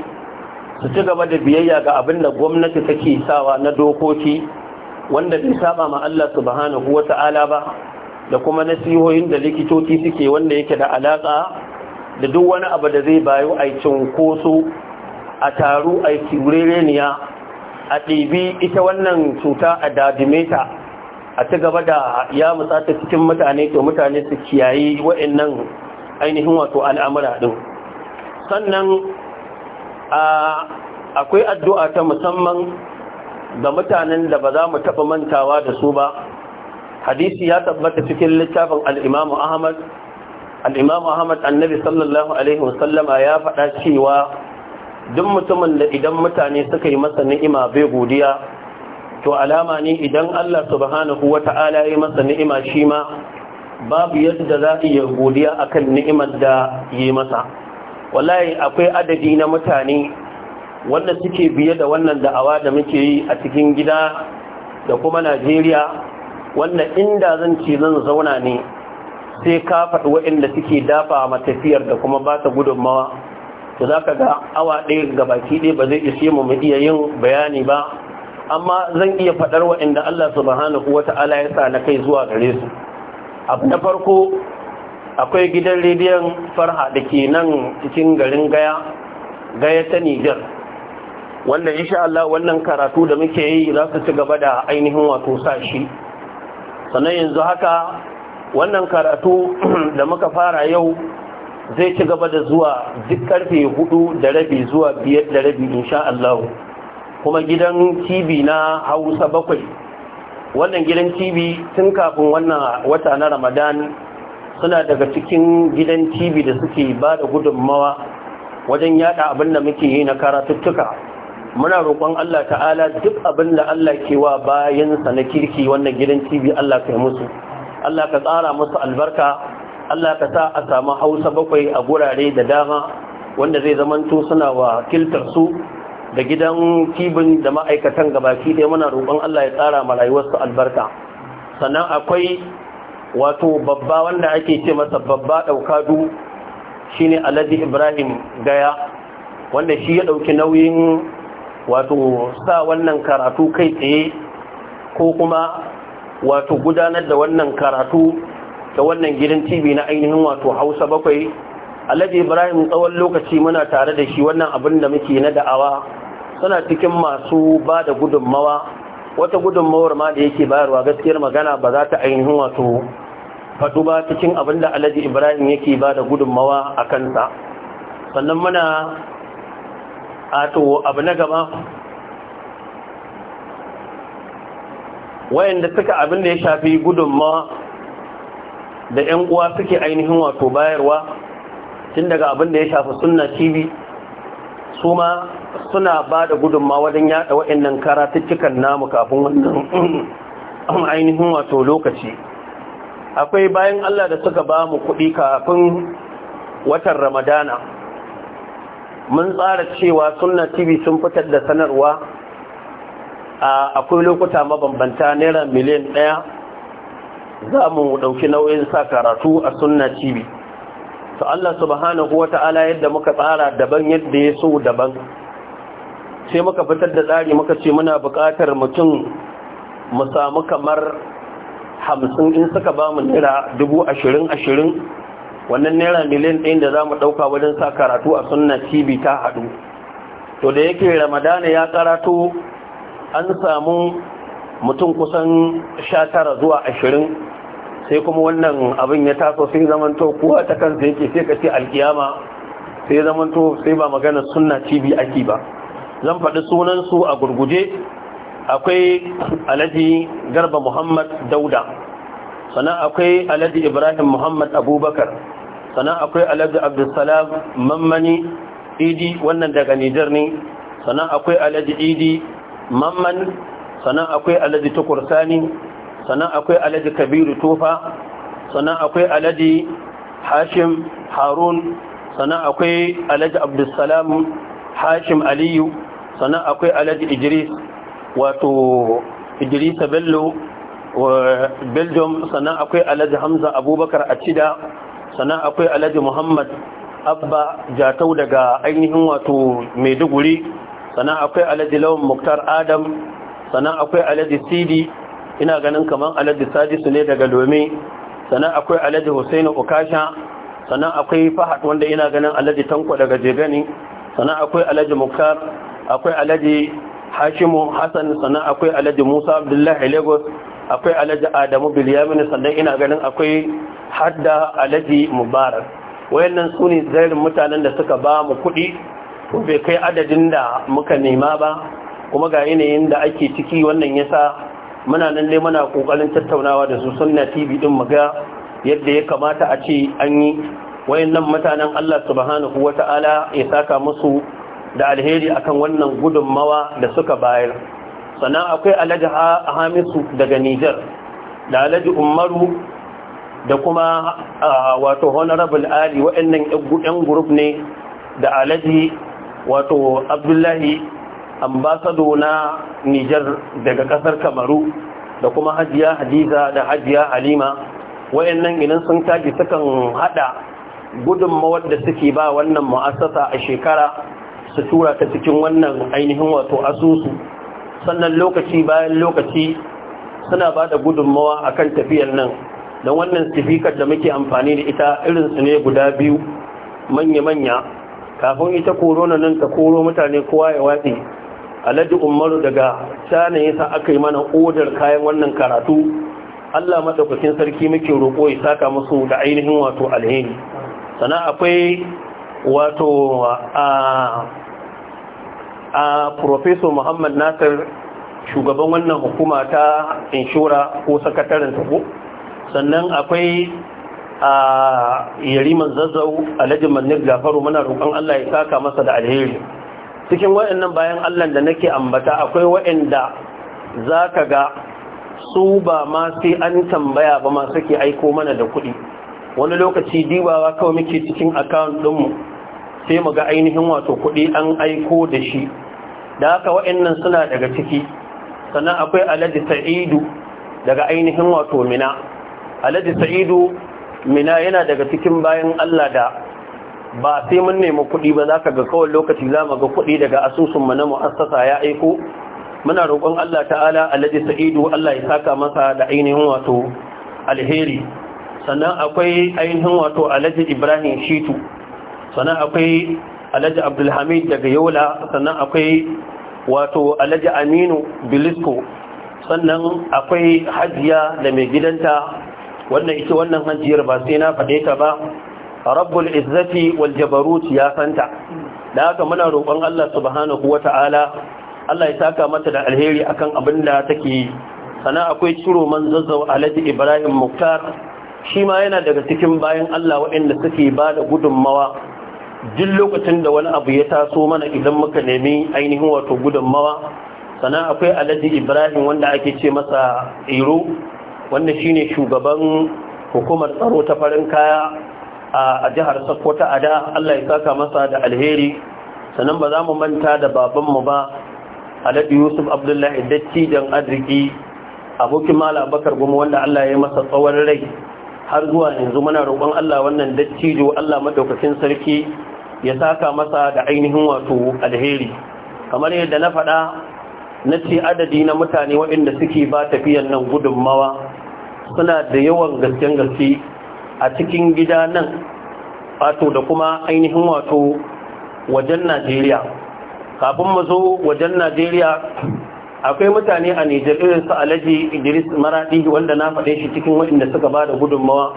su ci gaba da biyayya ga abin da gwamnati take sawa na dokoki wanda bai saba ma Allah subhanahu wata'ala ba da kuma nasihohin da likitoci suke wanda yake da alaƙa da duk wani abu da zai bayo a cinkoso a taru a kiwureniya a ɗibi ita wannan cuta a dadimeta a ci gaba da ya musata cikin mutane to mutane su kiyayi wa'annan ainihin wato al'amura ɗin sannan akwai addu'a ta musamman ga mutanen da ba za mu taɓa mantawa da su ba hadisi ya tabbata cikin littafin al'imamu ahmad al'imamu ahmad annabi sallallahu alaihi wasallama ya faɗa cewa duk mutumin da idan mutane suka yi masa ni'ima bai godiya to alama ne idan Allah subhanahu wata'ala ya yi masa ni'ima shi ma babu yadda za a iya godiya akan ni'imar da yi masa wallahi akwai adadi na mutane wanda suke biye da wannan da'awa da muke yi a cikin gida da kuma Najeriya wanda inda zan ci zan zauna ne sai ka faɗi waɗanda suke dafa matafiyar da kuma ba ta gudunmawa to za ka ga awa ɗaya ga baki ɗaya ba zai ishe mu mu iya yin bayani ba amma zan iya faɗar waɗanda Allah subhanahu wa ta'ala ya sa na kai zuwa gare su abu na farko akwai gidan rediyon farha da ke nan cikin garin gaya gaya ta Nijar wanda insha Allah wannan karatu da muke yi za su ci gaba da ainihin wato sashi sannan yanzu haka wannan karatu da muka fara yau zai ci gaba da zuwa duk karfe hudu da rabi zuwa biyar da rabi insha Allah kuma gidan TV na Hausa bakwai wannan gidan TV tun kafin wannan wata na Ramadan suna daga cikin gidan TV da suke ba da gudunmawa wajen yada abin da muke yi na karatuttuka muna roƙon Allah ta'ala duk abin da Allah ke wa bayansa na kirki wannan gidan TV Allah ka yi musu Allah ka tsara musu albarka Allah ka sa a samu hausa bakwai a gurare da dama wanda zai zamanto suna kiltar su da gidan kibin da ma'aikatan gabaki dai muna roƙon Allah ya tsara ma rayuwarsu albarka sannan akwai wato babba wanda ake ce masa babba ɗauka du shine alhaji ibrahim gaya wanda shi ya ɗauki nauyin wato sa wannan karatu kai tsaye ko kuma wato gudanar da wannan karatu ta wannan gidan tv na ainihin wato hausa bakwai alhaji ibrahim tsawon lokaci muna tare da shi wannan abin da muke na da'awa suna cikin masu ba da gudunmawa wata gudunmawar ma da yake bayarwa gaskiyar magana ba za ta ainihin wato faɗu ba cikin abin da alhaji ibrahim yake ba da gudunmawa a kansa sannan muna ato abu na gaba wayanda suka abin da ya shafi gudunmawa da 'yan uwa suke ainihin wato bayarwa tun daga abin da ya shafi sunna tv su ma suna ba da gudunma wajen yada wa'annan karatuttukan namu kafin wannan ainihin wato lokaci akwai bayan allah da suka ba mu kuɗi kafin watan ramadana mun tsara cewa sunna tv sun fitar da sanarwa akwai lokuta mabambanta naira miliyan ɗaya za mu ɗauki nauyin sa karatu a sunna TV. to Allah subhanahu wata'ala yadda muka tsara daban yadda ya so daban sai muka fitar da tsari muka ce muna buƙatar mutum mu samu kamar hamsin in suka ba mu naira dubu ashirin ashirin wannan naira miliyan ɗin da za mu ɗauka wajen sa karatu a sunna TV ta haɗu to da yake ramadana ya karatu an samu mutum kusan sha tara zuwa ashirin sai kuma wannan abin ya taso sai zamanto kowa ta kansa yake sai ka ce alkiyama sai zamanto sai ba magana sunna cibi ake ba zan faɗi sunansu a gurguje akwai alhaji garba muhammad dauda sannan akwai alhaji ibrahim muhammad abubakar sannan akwai alhaji abdulsalam mammani idi wannan daga nijar ne sannan akwai alhaji idi mamman sannan akwai alhaji tukur sannan akwai alhaji kabiru Tufa sannan akwai alhaji hashim harun sannan akwai alhaji abdulsalam hashim aliyu sannan akwai alhaji idris wato idrisa bello belgium sannan akwai alhaji hamza abubakar a cida sannan akwai alhaji muhammad abba jatau daga ainihin wato maiduguri sannan akwai alhaji lawan muktar adam sannan akwai alhaji sidi ina ganin kamar alhaji sadisu ne daga domi sannan akwai alhaji husaini ukasha sannan akwai fahad wanda ina ganin alhaji tanko daga jegani sannan akwai alhaji muktar akwai alhaji hashimu hassan sannan akwai alhaji musa abdullahi lagos akwai alhaji adamu bilyamin sannan ina ganin akwai hadda alhaji mubarak wayannan su ne zairin mutanen da suka ba mu kuɗi ko bai kai adadin da muka nema ba kuma ga yanayin da ake ciki wannan yasa muna nan ne muna kokarin tattaunawa da su sunna tv din muga yadda ya kamata a ce an yi wayannan mutanen Allah subhanahu wata'ala ya saka musu da alheri akan wannan gudunmawa da suka bayar sannan akwai alhaji hamisu daga Nijar da alhaji umaru da kuma wato honorable ali waɗannan 'yan group ne da alhaji wato abdullahi ambasado na Nijar daga kasar Kamaru da kuma Hajiya Hadiza da Hajiya Halima wayannan idan sun taji sukan hada gudunmawar da suke ba wannan mu'assasa a shekara su tura ta cikin wannan ainihin wato asusu sannan lokaci bayan lokaci suna ba da gudunmawa akan tafiyar nan don wannan sifikar da muke amfani da ita irin su ne guda biyu manya-manya kafin ita korona nan ta koro mutane kowa ya watsi alhaji umaru daga sani yasa aka yi mana odar kayan wannan karatu allah maɗaukakin sarki muke roƙo ya saka musu da ainihin wato alheri sana akwai wato a a professor muhammad nasir shugaban wannan hukuma ta inshora ko sakataren ko sannan akwai a yariman zazzau alhaji manir gafaru muna roƙon allah ya saka masa da alheri cikin waɗannan bayan Allah da nake ambata akwai waɗanda za ka ga su ba ma sai an tambaya ba masu ke aiko mana da kuɗi wani lokaci dibawa kawai muke cikin akawun ɗinmu sai mu ga ainihin wato kuɗi an aiko da shi da haka waɗannan suna daga ciki sannan akwai alhaji sa'idu daga ainihin wato mina Alade sa'idu mina yana daga cikin bayan Allah da ba sai mun nemi kuɗi ba za ka ga kawai lokaci za mu ga kuɗi daga asusun mu na mu'assasa ya aiko muna roƙon Allah ta'ala alladhi sa'idu Allah ya saka masa da ainihin wato alheri sannan akwai ainihin wato alhaji Ibrahim Shitu sannan akwai alhaji Abdulhamid daga Yola sannan akwai wato alhaji Aminu Bilisko sannan akwai hajiya da mai gidanta wannan ita wannan hajiyar ba sai na faɗe ta ba rabbul izzati wal jabarut ya santa da haka muna roƙon Allah subhanahu wata'ala Allah ya saka mata da alheri akan abin da take yi sana akwai ciro man zazzau alhaji Ibrahim Muktar shi ma yana daga cikin bayan Allah waɗanda suke ba da gudunmawa duk lokacin da wani abu ya taso mana idan muka nemi ainihin wato gudunmawa sana akwai alhaji ibrahim wanda ake ce masa iro wanda shine shugaban hukumar tsaro ta farin kaya a jihar Sokoto a da Allah ya saka masa da alheri sannan ba za mu manta da babanmu ba Alhaji Yusuf Abdullahi Datti dan arziki abokin mala Bakar goma wanda Allah ya masa tsawon rai har zuwa yanzu muna roƙon Allah wannan dattijo Allah madaukakin sarki ya saka masa da ainihin wato alheri kamar yadda na faɗa na ce adadi na mutane waɗanda suke ba tafiyan nan gudunmawa suna da yawan gaske gaske a cikin gida nan wato da kuma ainihin wato wajen najeriya kafin mu zo wajen najeriya akwai mutane a nijar irin su alhaji idris maradi wanda na faɗe shi cikin waɗanda suka ba da gudunmawa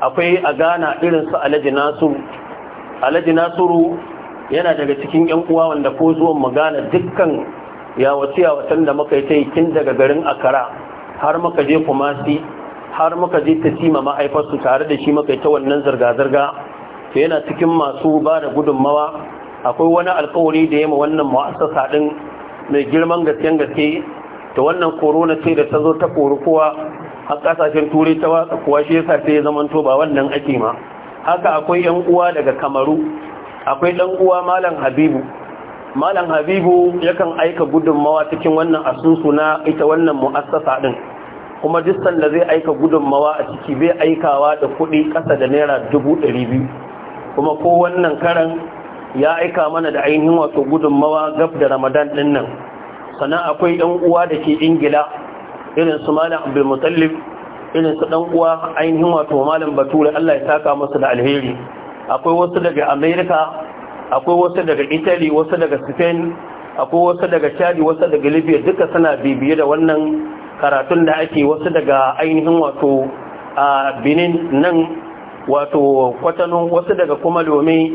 akwai a ghana irin su alhaji nasiru alhaji nasuru yana daga cikin yan uwa wanda ko zuwan mu dukkan yawace yawacen da muka yi ta yi kin daga garin akara har muka je kumasi har muka je ta sima ma'aifarsu tare da shi muka yi ta wannan zirga-zirga ta yana cikin masu ba da gudunmawa akwai wani alkawari da yamma wannan ma'asasa ɗin mai girman gaske gaske ta wannan korona ce da ta zo ta kori kowa a ƙasashen turai ta watsa kuwa shi yasa sai ya zamanto ba wannan ake ma haka akwai yan uwa daga kamaru akwai ɗan uwa malam habibu malam habibu yakan aika gudunmawa cikin wannan asusu na ita wannan mu'assasa ɗin kuma duk sanda zai aika gudunmawa a ciki bai aikawa da kuɗi kasa da naira dubu ɗari biyu kuma ko wannan karan ya aika mana da ainihin wato gudunmawa gab da ramadan ɗin nan sannan akwai ɗan uwa da ke ingila irin su malam mutallif irin su ɗan uwa ainihin wato malam bature allah ya saka musu da alheri akwai wasu daga america akwai wasu daga italy wasu daga spain akwai wasu daga chadi wasu daga libya duka suna bibiye da wannan karatun da ake wasu daga ainihin wato a benin nan wato kwatano wasu daga kuma lome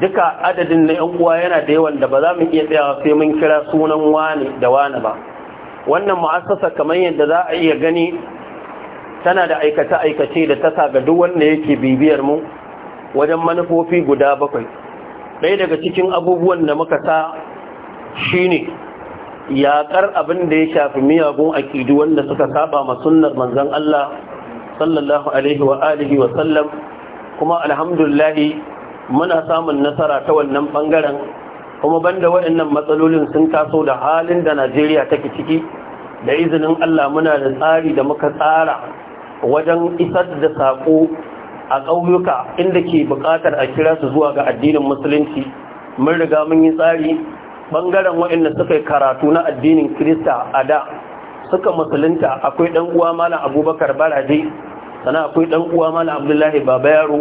duka adadin na yan uwa yana da yawan da ba za mu iya tsayawa sai mun kira sunan wani da wani ba wannan mu'assasa kamar yadda za a iya gani tana da aikace-aikace da ta ga duk wanda yake bibiyar mu wajen manufofi guda bakwai ɗaya daga cikin abubuwan da muka sa shine yaƙar abin da ya shafi miyagun aƙidu wanda suka saba ma sunnar manzan Allah sallallahu alaihi wa alihi wa sallam kuma muna samun nasara ta wannan bangaren kuma banda waɗannan matsalolin sun taso da halin da Najeriya take ciki da izinin Allah muna da tsari da muka tsara wajen isar da saƙo a ƙauyuka inda ke buƙatar a kira su zuwa ga addinin musulunci mun riga mun yi tsari Bangaren waɗanda suka yi karatu na addinin kirista a da suka musulunta akwai ɗan uwa malam abubakar baraje sana akwai ɗan uwa malam abdullahi baba yaro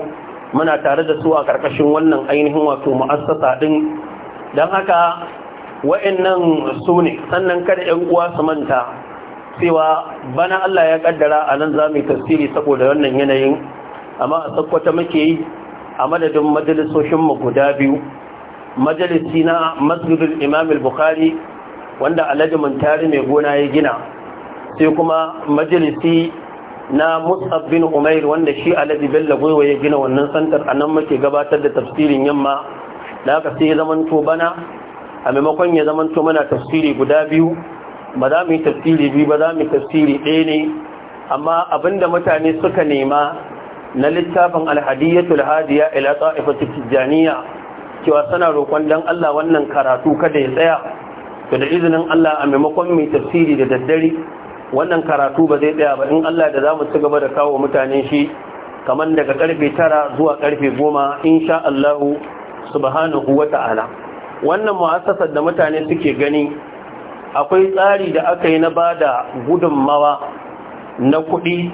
muna tare da su a ƙarƙashin wannan ainihin wato mu'asasa ɗin don haka waɗannan su ne sannan kada ‘yan uwa su manta cewa bana Allah ya ƙaddara a nan za mu yi tasiri saboda wannan yanayin amma a sakkwata muke yi a madadin majalisoshinmu guda biyu majalisi na masjidul imam bukhari wanda alhaji tari mai gona ya gina sai kuma majalisi na mus'ab bin umair wanda shi alhaji bello Gwaiwa ya gina wannan santar a nan muke gabatar da tafsirin yamma da haka sai ya zamanto bana a maimakon ya zamanto mana tafsiri guda biyu ba za mu yi tafsiri biyu ba za mu yi tafsiri ɗaya ne amma abinda mutane suka nema na littafin alhadiyatul hadiya ila ta'ifatu tijaniya cewa sana roƙon dan Allah wannan karatu kada ya tsaya to da izinin Allah a maimakon mai tafsiri da daddare wannan karatu ba zai tsaya ba in Allah da zamu ci gaba da kawo mutane shi kamar daga karfe tara zuwa karfe goma insha allahu subhanahu wa ta'ala wannan mu'assasar da mutane suke gani akwai tsari da aka yi na bada gudunmawa na kuɗi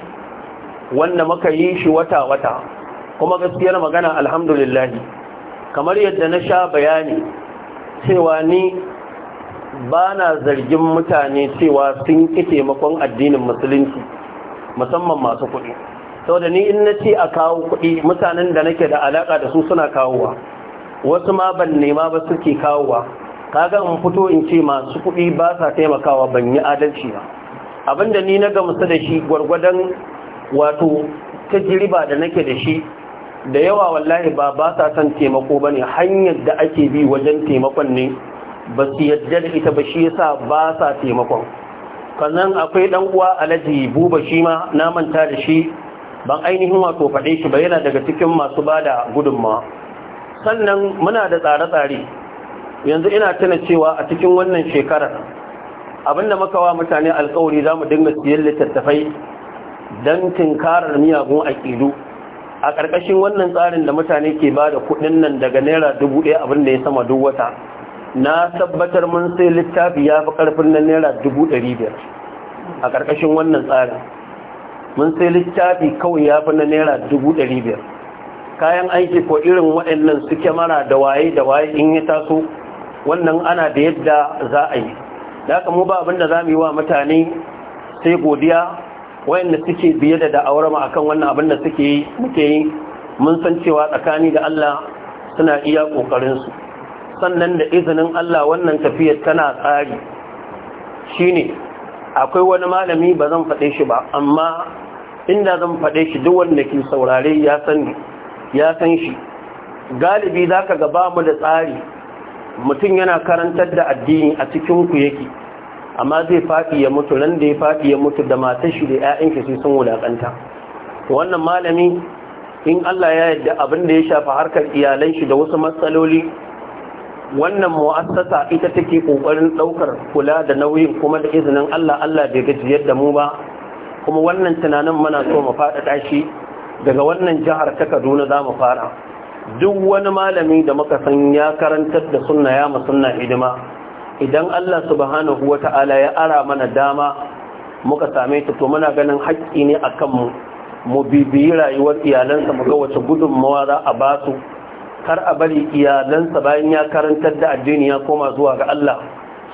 wanda muka yi shi wata-wata kuma gaskiyar magana alhamdulillahi kamar yadda na sha bayani cewa ni ba na zargin mutane cewa sun ƙi taimakon addinin musulunci musamman masu kuɗi sau da ni in na ce a kawo kuɗi mutanen da nake da alaƙa da su suna kawowa wasu ma ban nema ba suke kawowa kaga in fito in ce masu kuɗi ba sa taimakawa ban yi adalci ba da ni na gamsu da shi gwargwadon wato ta jiriba da nake da shi da yawa wallahi ba ba sa son taimako ba ne hanyar da ake bi wajen taimakon ne ba su yadda da ita ba shi yasa ba sa taimakon kannan akwai dan uwa alaji buba shi ma na manta da shi ban ainihin wato faɗe shi ba yana daga cikin masu bada da sannan muna da tsare-tsare yanzu ina tana cewa a cikin wannan shekarar abinda muka wa mutane alkawari za mu dinga siyan littattafai don tinkarar miyagun aƙidu a ƙarƙashin wannan tsarin da mutane ke ba da kuɗin nan daga naira dubu ɗaya abin da ya sama duk wata na tabbatar mun sai littafi ya fi ƙarfin na naira dubu ɗari biyar a ƙarƙashin wannan tsarin mun sai littafi kawai ya fi na naira dubu ɗari biyar kayan aiki ko irin waɗannan su kyamara da waye da waye in ya taso wannan ana da yadda za a yi da haka mu ba abin da za mu yi wa mutane sai godiya wayanda suke biye da da'awar mu akan wannan abin da suke yi muke yi mun san cewa tsakani da Allah suna iya kokarin su sannan da izinin Allah wannan tafiyar tana tsari shine akwai wani malami ba zan faɗe shi ba amma inda zan faɗe shi duk wanda ke saurare ya san ya san shi galibi zaka ga ba mu da tsari mutum yana karantar da addini a cikin ku yake amma zai faɗi ya mutu ran da ya faɗi ya mutu da matan shi da 'ya'yan shi sun wulaƙanta wannan malami in Allah ya yadda abin da ya shafa harkar iyalan shi da wasu matsaloli wannan mu'assasa ita take ƙoƙarin ɗaukar kula da nauyin kuma da izinin Allah Allah bai gaji yadda mu ba kuma wannan tunanin muna so mu faɗaɗa shi daga wannan jihar ta Kaduna za mu fara duk wani malami da muka san ya karantar da sunna ya ma hidima idan Allah subhanahu Ta'ala ya ara mana dama muka same ta to muna ganin haƙƙi ne akan mu mu bibiyi rayuwar iyalansa mu ga wace gudunmawa za a ba su kar a bari iyalansa bayan ya karantar da addini ya koma zuwa ga Allah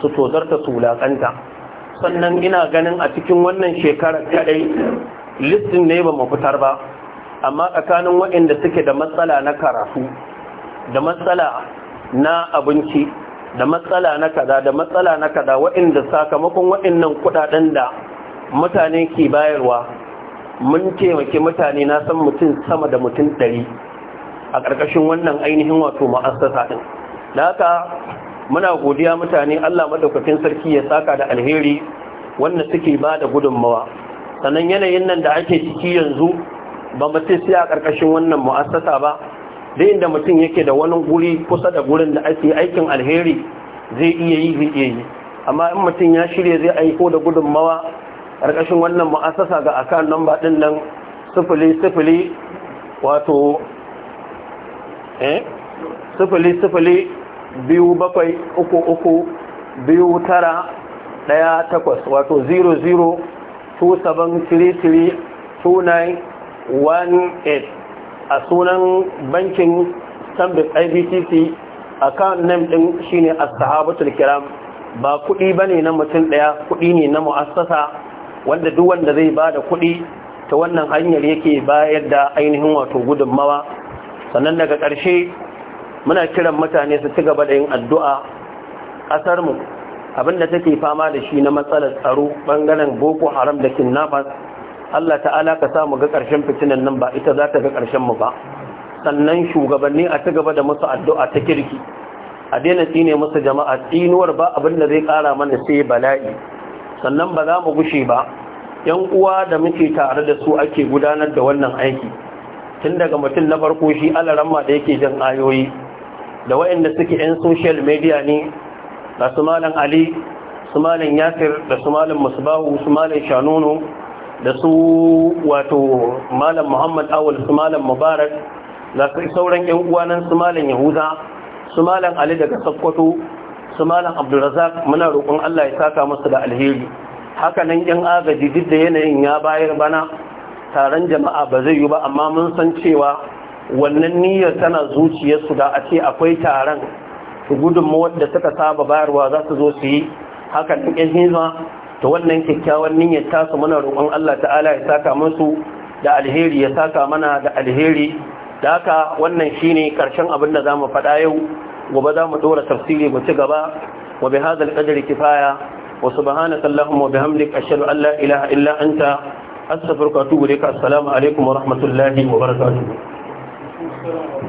su tozarta su wulaƙanta sannan ina ganin a cikin wannan shekarar kaɗai listin ne ba mu fitar ba amma tsakanin waɗanda suke da matsala na karatu da matsala na abinci da matsala na kada, da matsala na kada, waɗanda sakamakon waɗannan kuɗaɗen da mutane ke bayarwa mun taimake mutane na san mutum sama da mutum ɗari a ƙarƙashin wannan ainihin wato ma'asasa ɗin da haka muna godiya mutane allah madaukakin sarki ya saka da alheri wanda suke ba da gudunmawa sannan yanayin nan da ake ciki yanzu ba mu sai a ƙarƙashin wannan mu'assasa ba da inda mutum yake da wani guri kusa da gurin da ake aikin alheri zai iya yi zai iya yi amma in mutum ya shirya zai aiko da gudunmawa ƙarƙashin wannan ma'asasa ga akan namba ɗin nan sifili sifili wato eh sifili sifili biyu bakwai uku uku biyu tara ɗaya takwas wato nine one eight a sunan bankin stanbic ibtc kan nan din shine a sahabatul kiram ba kuɗi bane na mutum ɗaya kuɗi ne na mu'assasa wanda duk wanda zai bada kuɗi ta wannan hanyar yake bayar da ainihin wato gudunmawa sannan daga ƙarshe muna kiran mutane su ci gaba da yin addu'a ƙasarmu abinda take fama da shi na matsalar tsaro ɓangaren boko haram da kinnafas Allah ta'ala ka samu ga ƙarshen fitinan nan ba ita za ta ga ƙarshen mu ba sannan shugabanni a ta gaba da musu addu'a ta kirki a daina tsine musu jama'a tsinuwar ba abin da zai ƙara mana sai bala'i sannan ba za mu gushe ba yan uwa da muke tare da su ake gudanar da wannan aiki tun daga mutum na farko shi alaramma da yake jan ayoyi da waɗanda suke 'yan social media ne da su malam ali su malam yasir da su malam musbahu su malam shanunu da su wato malam muhammad Awul, su malam mubarak da sauran yan uwanan su malam yahuda su malam ali daga sakkwato su malam abdulrazak muna roƙon allah ya saka musu da alheri haka nan yan agaji duk da yanayin ya bayar bana taron jama'a ba zai yi ba amma mun san cewa wannan niyyar tana zuciyarsu da a ce akwai taron gudunmawar da suka saba bayarwa za su zo su yi haka nan yan to wannan kyakkyawan niyyar tasu muna roƙon Allah ta'ala ya saka musu da alheri ya saka mana da alheri da haka wannan shine karshen abin da zamu faɗa yau gobe zamu dora tafsiri mu ci gaba wa bi hadzal qadri kifaya wa subhanaka allahumma wa bihamdika ashhadu an la ilaha illa anta astaghfiruka wa atubu ilaik assalamu alaikum wa rahmatullahi wa barakatuh